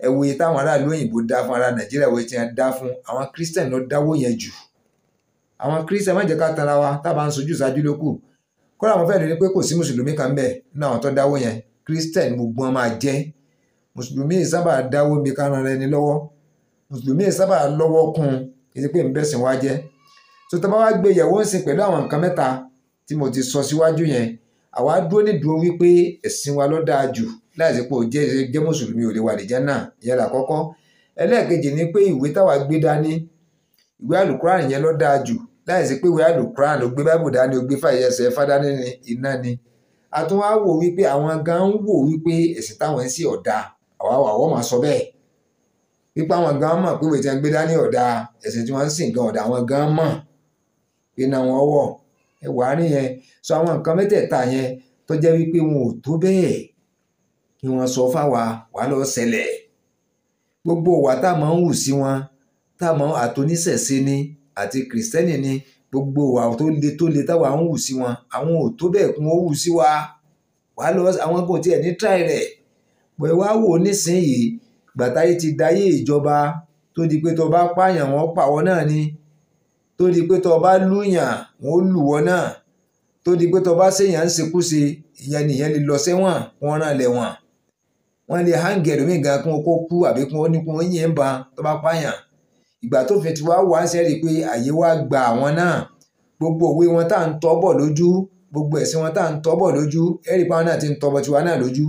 ẹ wo iye táwọn aráàlú òyìnbó dá fún ara nàìjíríà wo ti dá fún àwọn christian ló dáwó yẹn jù àwọn christian má jẹ́ ká tanra wa tábà ń sojú ìsájú ló kù kódà wọn fẹ́ẹ́ rí pé kò sí mùsùlùmí kan bẹ́ẹ̀ nínú àwọn tó dáwó yẹn christian gbogbo wọn máa jẹ́ mùsùlùmí sábà dáwó bí ká ran ẹni lọ́wọ́ mùsùlùmí sábà lọ́wọ́ kún èyí pé ń bẹ̀sìn wá jẹ́ tó tá wá gbé yẹ̀wò ń sìn pẹ̀lú àwọn nǹkan mẹ́ta tí mo ti sọ síwájú yẹn àwa dúró nídùú wípé ẹ̀sìn wa ló dáa jù láìsí pé o jẹ́ jẹ́ mùsùlùmí ò lè wà lìjẹ́ náà ìyẹn là kọ́kọ́ ẹlẹ́ẹ̀kejì ni pé ìwé táwa gbé dání ìwé àlùkùránì yẹn ló dáa jù láìsí pé ìwé àlùkùránì ló gbé báìbù dání ó gbé fàyè ẹsẹ̀ ẹ̀fá dání ní iná ni a tún wá wò wípé àwọn gan ń wò wípé ẹ̀sìn táwọn ń sì ọ̀dà àwa àwọ̀ máa sọ bẹ́ẹ̀ pípa àwọn gan mọ̀ pé ìwé tí wọ́n gbé dání ọ̀dà ẹ̀sìn tí wọ́n ń sìn gan ọ̀dà àwọn gan mọ̀ pé náà wọ́n wọ̀ ẹ̀wà rí yẹn sọ àwọn nǹkan mẹ́tẹ̀ẹ̀ta yẹn tó jẹ́ wípé wọn ò tó bẹ́ẹ̀ kí wọ́n sọ fáwa wà lọ ṣẹlẹ̀ gbogbo wa tá a máa ń hù sí wọn tá a máa àtòníṣẹ̀ṣe ni àti kìrìsìtẹ́nì ni gbogbo wa tó le tó le táwa ń hù sí wọn àwọn ò tó bẹ́ẹ̀ kún ó hù sí wa wà lọ àwọn kò tiẹ̀ ní tíráì rẹ̀ pẹ̀ wá wò nísìnyìí gbàtáyé ti dayé ìjọba tó di pé tó bá pààyàn wọn pàwọ́ náà ni tó di pé tó bá lùyàn wọn ó lù wọ́n náà tó di pé tó bá ṣèyàn ń ṣekúṣe ìyẹn nìyẹn lè lọ sẹ́wọ̀n wọn rán lẹ́wọ̀n wọ́n lè hangi ẹlòmíì gan kí wọ́n kó kú àbí kí wọ́n ní kí wọ́n yìn ń ban tó bá pààyàn ìgbà tó fi ti wá wá sẹ́rí pé àyè wá gba àwọn náà gbogbo òwe wọn tá à ń tọ́ bọ̀ lójú gbogbo ẹ̀sìn wọn tá à ń tọ́ bọ̀ lójú ẹ̀rí pa àwọn náà ti ń tọ́ tiwa náà lójú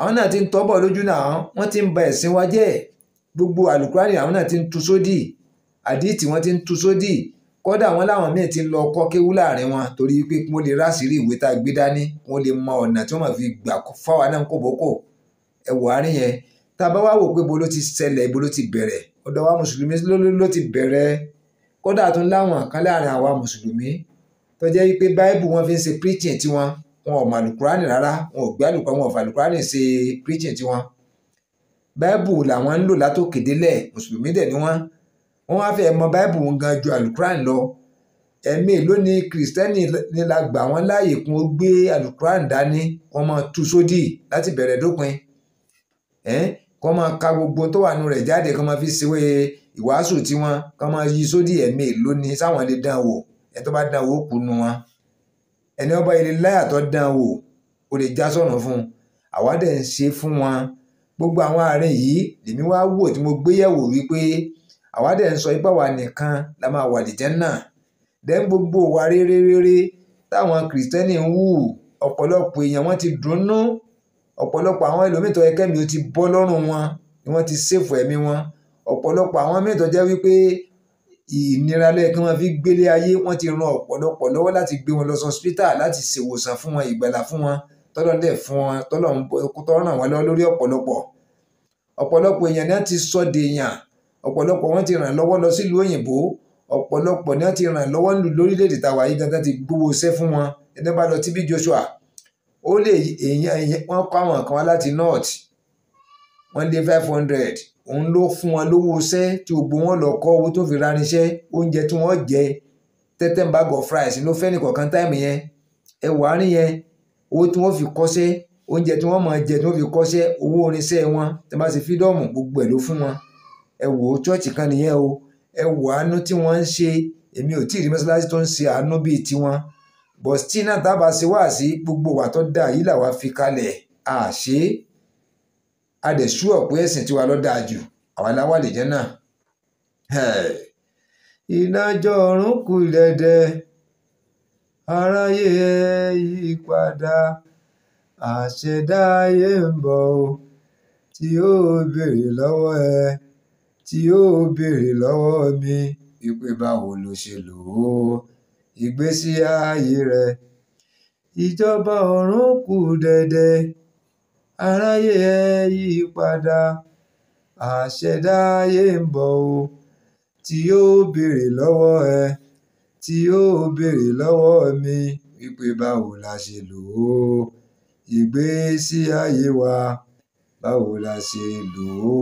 àwọn náà ti ń tọ́ bọ̀ lójú náà wọ́n ti ń ba ẹ̀sìn wa jẹ́ gbogbo àlùkùránì àwọn náà ti ń tu sódì àdìtì wọ́n ti ń tu sódì kódà wọn láwọn míì ti lọ kọ́ kéwú láàrin wọn torí pé wọ́n lè ráṣìírí ìwé tá a gbé dání wọ́n lè mọ ọ̀nà tí wọ́n máa fi gbà fáwa náà kó bókò ẹ̀wọ̀ àárín yẹn tá a bá wá wò pé bo ló ti ṣẹlẹ̀ ibo ló ti bẹ̀rẹ̀ ọ̀dọ̀ wa mùsùlùmí ló ti bẹ̀rẹ̀ kódà tún láwọn kan láàrin àwa mùsùlùmí tó jẹ́ wípé báíbù wọn fi ń ṣe preaching tiwọn wọn ò màlùkùránì rárá wọn ò gbé àlùkò wọn ò fàlùkùránì ṣe preaching tiwọn báíbù làwọn ń lò látòkèdélẹ̀ mùsùlùmí dẹ̀ ni wọ́n wọ́n wá fẹ́ mọ báìbù wọn gan ju alukuran lọ ẹ̀mí ló ní kìrìsìtẹ́nì ni la gbà wọ́n láàyè kún ó gbé alukuran dání kó máa tu sódì láti bẹ̀rẹ̀ dópin kó máa ka gbogbo tó wà nù rẹ̀ jáde kó máa fi ṣèwé ìwàásù tiwọn kó máa yí sódì ẹ̀mí ló ní sáwọn lè dán wò ẹ̀ tó bá dán wò kú nu wọn ẹni ọba ilé láyà tó dán wò ó lè já sọ̀nà fún un àwa dẹ̀ ń ṣe fún wọn gbogbo àwọn àárín yìí lèmi wá wò tí mo gbéyẹ̀wò wípé àwa dẹ̀ ń sọ ipá wa nìkan la máa wà lìjẹ́ náà dẹ́n gbogbo wa rere rere táwọn kìrìtẹ́nì ń wù ọ̀pọ̀lọpọ̀ èèyàn wọ́n ti dùnnú ọ̀pọ̀lọpọ̀ àwọn ẹlòmíì tó yẹ kẹ́mi ó ti bọ́ lọ́rùn wọn ni wọ́n ti ṣèfù ẹ̀mí wọn ọ̀pọ̀lọpọ̀ àwọn míì tó jẹ́ wípé ìnira lẹ́yìn kí wọ́n fi gbélé ayé wọ́n ti ran ọ̀pọ̀lọpọ̀ lọ́wọ́ láti gbé wọn lọ sọ́spítà láti ṣèwòsàn fún wọn ìgbàlà fún wọn tọ́lọ́ fún wọn tọ́lọ́ ràn wọ́n lọ́wọ́ lórí ọ̀pọ̀lọpọ̀ ọ̀pọ̀lọpọ̀ èèyàn náà ti sọ dèèyàn ọ̀pọ̀lọpọ̀ wọn ti ràn lọ́wọ́ lọ sílùú òyìnbó ọ̀pọ̀lọpọ̀ ni wọ́n ti ràn lọ́wọ́ lù lórílẹ̀‐èdè tàwa yìí gangan ti gbowó iṣẹ́ fún wọn ẹni bá lọ tí bí Joshua ó lè èèyàn wọn kọ́ àwọn kan wá láti north wọ́n lé five hundred òun ló fún wọn lówó iṣẹ́ tí gbogbo wọn lọ kọ́ owó tó fi ránṣẹ́ oúnjẹ tí wọ́n jẹ tẹ́tẹ́ ń bá gọ̀ fries ló fẹ́ nìkọ̀ọ̀kan táìmù yẹn ẹ wàá rìn yẹn owó tí wọ́n fi kọ́ṣẹ́ oúnjẹ tí wọ́n máa jẹ tí wọ́n fi kọ́ṣẹ́ owó orinṣẹ́ wọn tẹ́ bá ṣe fídọ́ọ̀mù gbogbo ẹ̀ ló fún wọn ẹ wò ó chọ́ọ̀chì kan nìyẹn o ẹ wò àánú tí wọ́n ń ṣe èmi ò tí ì rí mọ́ṣáláṣí tó ń ṣe àánú bíi tiwọn bọ̀sítì náà dábàá ṣe wá sí gbogbo wa tó dáa yìí làwa fi kalẹ̀ àṣé a dẹ̀ sú ọ̀ pé ẹ̀sìn tiwa ló dáa jù àwa láwà lè jẹ́ náà. ìdájọ́ ọ̀run kù dẹ̀dẹ̀ aráyé ẹ yí padà àṣẹdáyé ń bọ̀ tí ó béèrè lọ́wọ́ ẹ tí ó béèrè lọ́wọ́ mi wípé báwo lo ṣe lò ó ìgbésí ayé rẹ. Ìjọba ọ̀run kù dẹ̀dẹ̀, aráyé ẹ yí padà, àṣẹ̀dá ayé ń bọ̀ o tí ó béèrè lọ́wọ́ ẹ, tí ó béèrè lọ́wọ́ mi wípé báwo la ṣe lò ó ìgbésí ayé wa, báwo la ṣe lò ó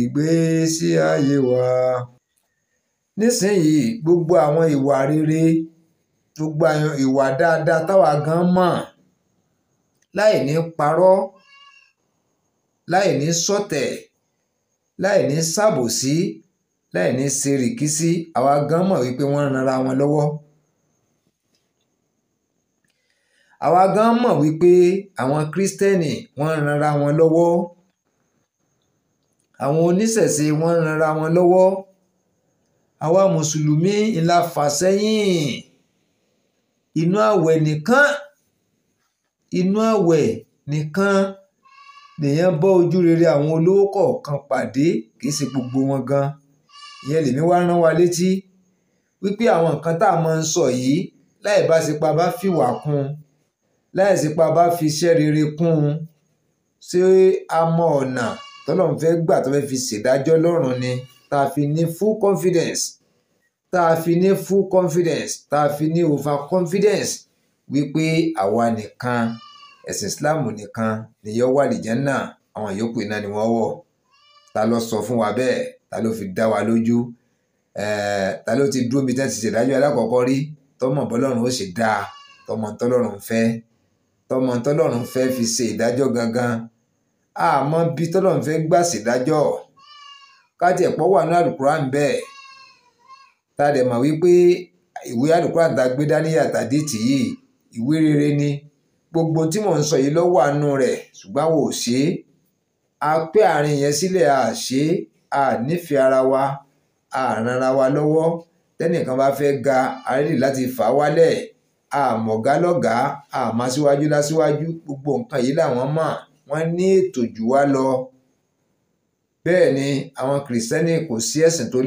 ìgbésí ayé wa. Nísìnyìí, gbogbo àwọn ìwà rere, gbogbo àwọn ìwà dáadáa táwa gan mọ̀, láì ní parọ́, láì ní sọ̀tẹ̀, láì ní ṣàbòsí, láì ní ṣe rìkíṣí, àwa gan mọ̀ wípé wọ́n ń ranra wọn lọ́wọ́. Àwa gan mọ̀ wípé àwọn Kristẹni wọ́n ń ranra wọn lọ́wọ́ àwọn oníṣẹ̀ṣe wọ́n ń ranra wọn lọ́wọ́ àwa mùsùlùmí ńlá fà sẹ́yìn inú àwẹ̀ nìkan inú àwẹ̀ nìkan lèèyàn bọ́ ojú rere àwọn olówó kọ̀ọ̀kan pàdé kì í ṣe gbogbo wọn gan ìyẹn lèmi wá rán wa létí wípé àwọn nǹkan tá a máa ń sọ yìí láì bá ṣe bá fìwà kún láì ṣe bá fi iṣẹ́ rere kún ṣé a mọ ọ̀nà tọ́lọ́run fẹ́ gbà tó fẹ́ fi ṣèdájọ́ lọ́rùn ni tá a fi ní full confidence tá a fi ní full confidence tá a fi ní over confidence wípé àwa nìkan ẹ̀sìn Islam nìkan nìyọ wà lìjánná àwọn yòókù iná ni wọ́n wọ̀ ta ló sọ fún wa bẹ́ẹ̀ ta ló fi dá wa lójú ta ló ti dúró mi tẹ́ ti ṣèdájọ́ alákọ̀ọ́kọ́ rí tọmọ bọ́lọ́run ó ṣe dáa tọmọ tọ́lọ́run fẹ́ tọmọ tọ́lọ́run fẹ́ fi ṣe ìdájọ́ gangan àmọ́ bí tọ́lọ́run fẹ́ gbà ṣèdájọ́ káàtì ẹ̀pọ̀ wà ní àlùkùránì bẹ́ẹ̀ tá a dẹ̀ mọ̀ wípé ìwé àlùkùránì tá a gbé dání àtàdé tì yìí ìwé rere ni gbogbo tí mò ń sọ yìí lọ́wọ́ àánú rẹ̀ ṣùgbọ́n wò ó ṣe é a pé àárín yẹn sílẹ̀ a ṣe é a nífẹ̀ẹ́ ara wa a ràn ara wa lọ́wọ́ tẹ́nìkan bá fẹ́ ga àrídì láti fà á wálẹ̀ àmọ̀gá lọ́gàá àmọ́ lásíwájú gbogbo nǹkan yìí làwọn mọ̀ wọ́n ní ètò jù wá lọ bẹ́ẹ̀ ni àwọn kìrìsìtẹ́nì kò sí ẹ̀sìn tó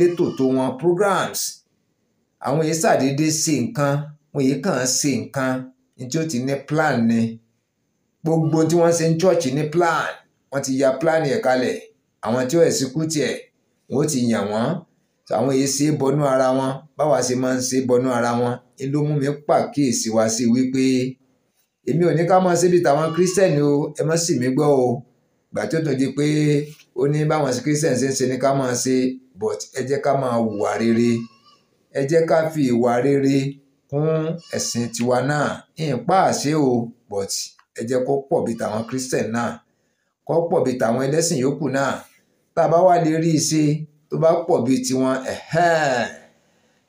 létò tó wọn programs àwọn yìí ṣàdédé ṣe nǹkan wọn yìí kàn ṣe nǹkan ní tí ó ti ní plan ni gbogbo tí wọ́n ṣe ń church ní plan wọ́n ti ya plan yẹn kalẹ̀ àwọn tí ó ẹ̀sìkútì ẹ̀ wọ́n ti yàn wọ́n àwọn yìí ṣe é bọnú ara wọn báwa ṣe máa ń ṣe é bọnú ara wọn ni ló mú mi pàkíyèsí wa sí wípé èmi ò ní ká máa ṣe bí tàwọn kírísítẹ̀nì o ẹ má sì mí gbọ́ o gbà tó tún di pé ó ní báwọn kírísítẹ̀nì ṣe ń ṣe ní ká máa ṣe but ẹ jẹ́ ká máa hùwà rere ẹ jẹ́ ká fi ìwà rere kún ẹ̀sìn tiwa náà ìpá àṣẹ o but ẹ jẹ́ kó pọ̀ bí tàwọn kírísítẹ̀nì náà kó pọ̀ bí tàwọn ẹlẹ́sìn yòókù náà tá a bá wá lè rí i ṣe tó bá pọ̀ bíi tiwọn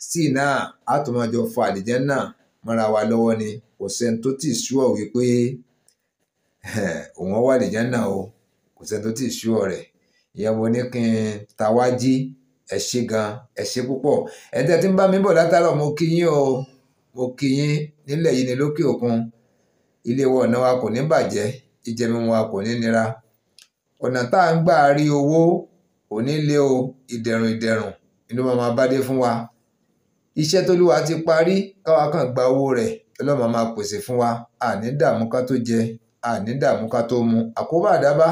sí náà a tún máa jọ fa àlìjẹ́ náà mọ́ra wa lọ́wọ́ ni kò sẹ́ni tó tì ṣúọ̀ wípé eh, òun wà lè jẹ́nà o kò sẹ́ni tó tì ṣúọ̀ rẹ̀ ìyẹn mo ní kí n tawá jí ẹ ṣé gan ẹ ṣé púpọ̀ ẹ̀ńtẹ́ tí ń bá mi bọ̀ látàárọ̀ mo kí yín o mo kí yín nílẹ̀ yìí ni lókè òkun ilé wa ọ̀nà wa kò ní bàjẹ́ ìjẹun wa kò ní nira ọ̀nà tá à ń gbà rí owó kò lé o ìdẹ̀rùn ìdẹ̀rùn inú máa bá dé fún wa iṣẹ́ t'Olúwa ti parí káwa kàn gba owó rẹ̀ ọlọ́run máa pèsè fún wa àní dààmú ká tó jẹ àní dààmú ká tó mu àkóbá àdábá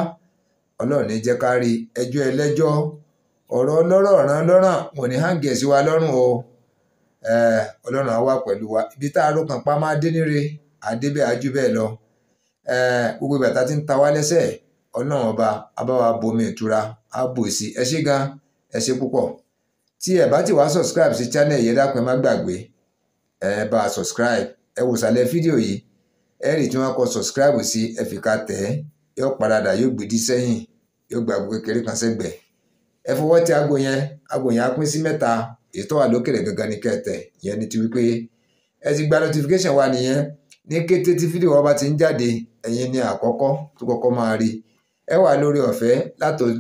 ọlọ́run ní jẹ́ ká rí ẹjọ́ ẹlẹ́jọ́ ọ̀rọ̀ ọlọ́rọ̀ ràn lọ́ràn wọ́n ní hàǹgẹ̀ sí wa lọ́rùn o ọlọ́run á wà pẹ̀lú wa ibi tá a rò kàn pa máa dé níre àdébẹ̀ ajú bẹ́ẹ̀ lọ gbogbo ìgbà tá a ti ń ta wá lẹ́sẹ̀ ọlọ́run ọba abáwa bomi ìtura abo sí ẹ ṣé gan ẹ ṣé púpọ̀ tí ẹ bá ti wá subscribe sí channel yẹn dápẹ́ má gbàgbé ẹ bá a subscribe ẹ wò sàlẹ̀ fídíò yìí ẹ rí tí wọ́n kọ subscribe sí ẹ fi ká tẹ̀ ẹ́ yóò paradà yóò gbèdí sẹ́yìn yóò gba àgbo kékeré kan sẹ́gbẹ̀ẹ́ ẹ fọwọ́ ti aago yẹn aago yẹn á pín sí mẹ́ta èyí tó wà lókèrè gangan ní kẹtẹ̀ yẹn ni ti wípé ẹ ti gba notification wa nìyẹn ní kété tí fídíò wa bá ti ń jáde ẹ̀yin ni àkọ́kọ́ tó kọ́kọ́ máa rí ẹ wà lórí ọ̀fẹ́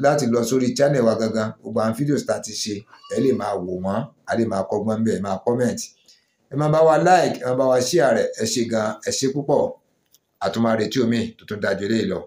láti lọ sórí channel wa gangan gbogbo àwọn fídíò tá a ti ṣe ẹ lè máa wò wọ́n a lè máa kọ́gbọ́n bẹ́ẹ̀ máa kọ́mẹ̀ntì ẹ máa bá wa like ẹ máa bá wa share rẹ̀ ẹ ṣé gan ẹ ṣé púpọ̀ àtúmọ̀ àrètí omi tuntun dájú eléyìí lọ.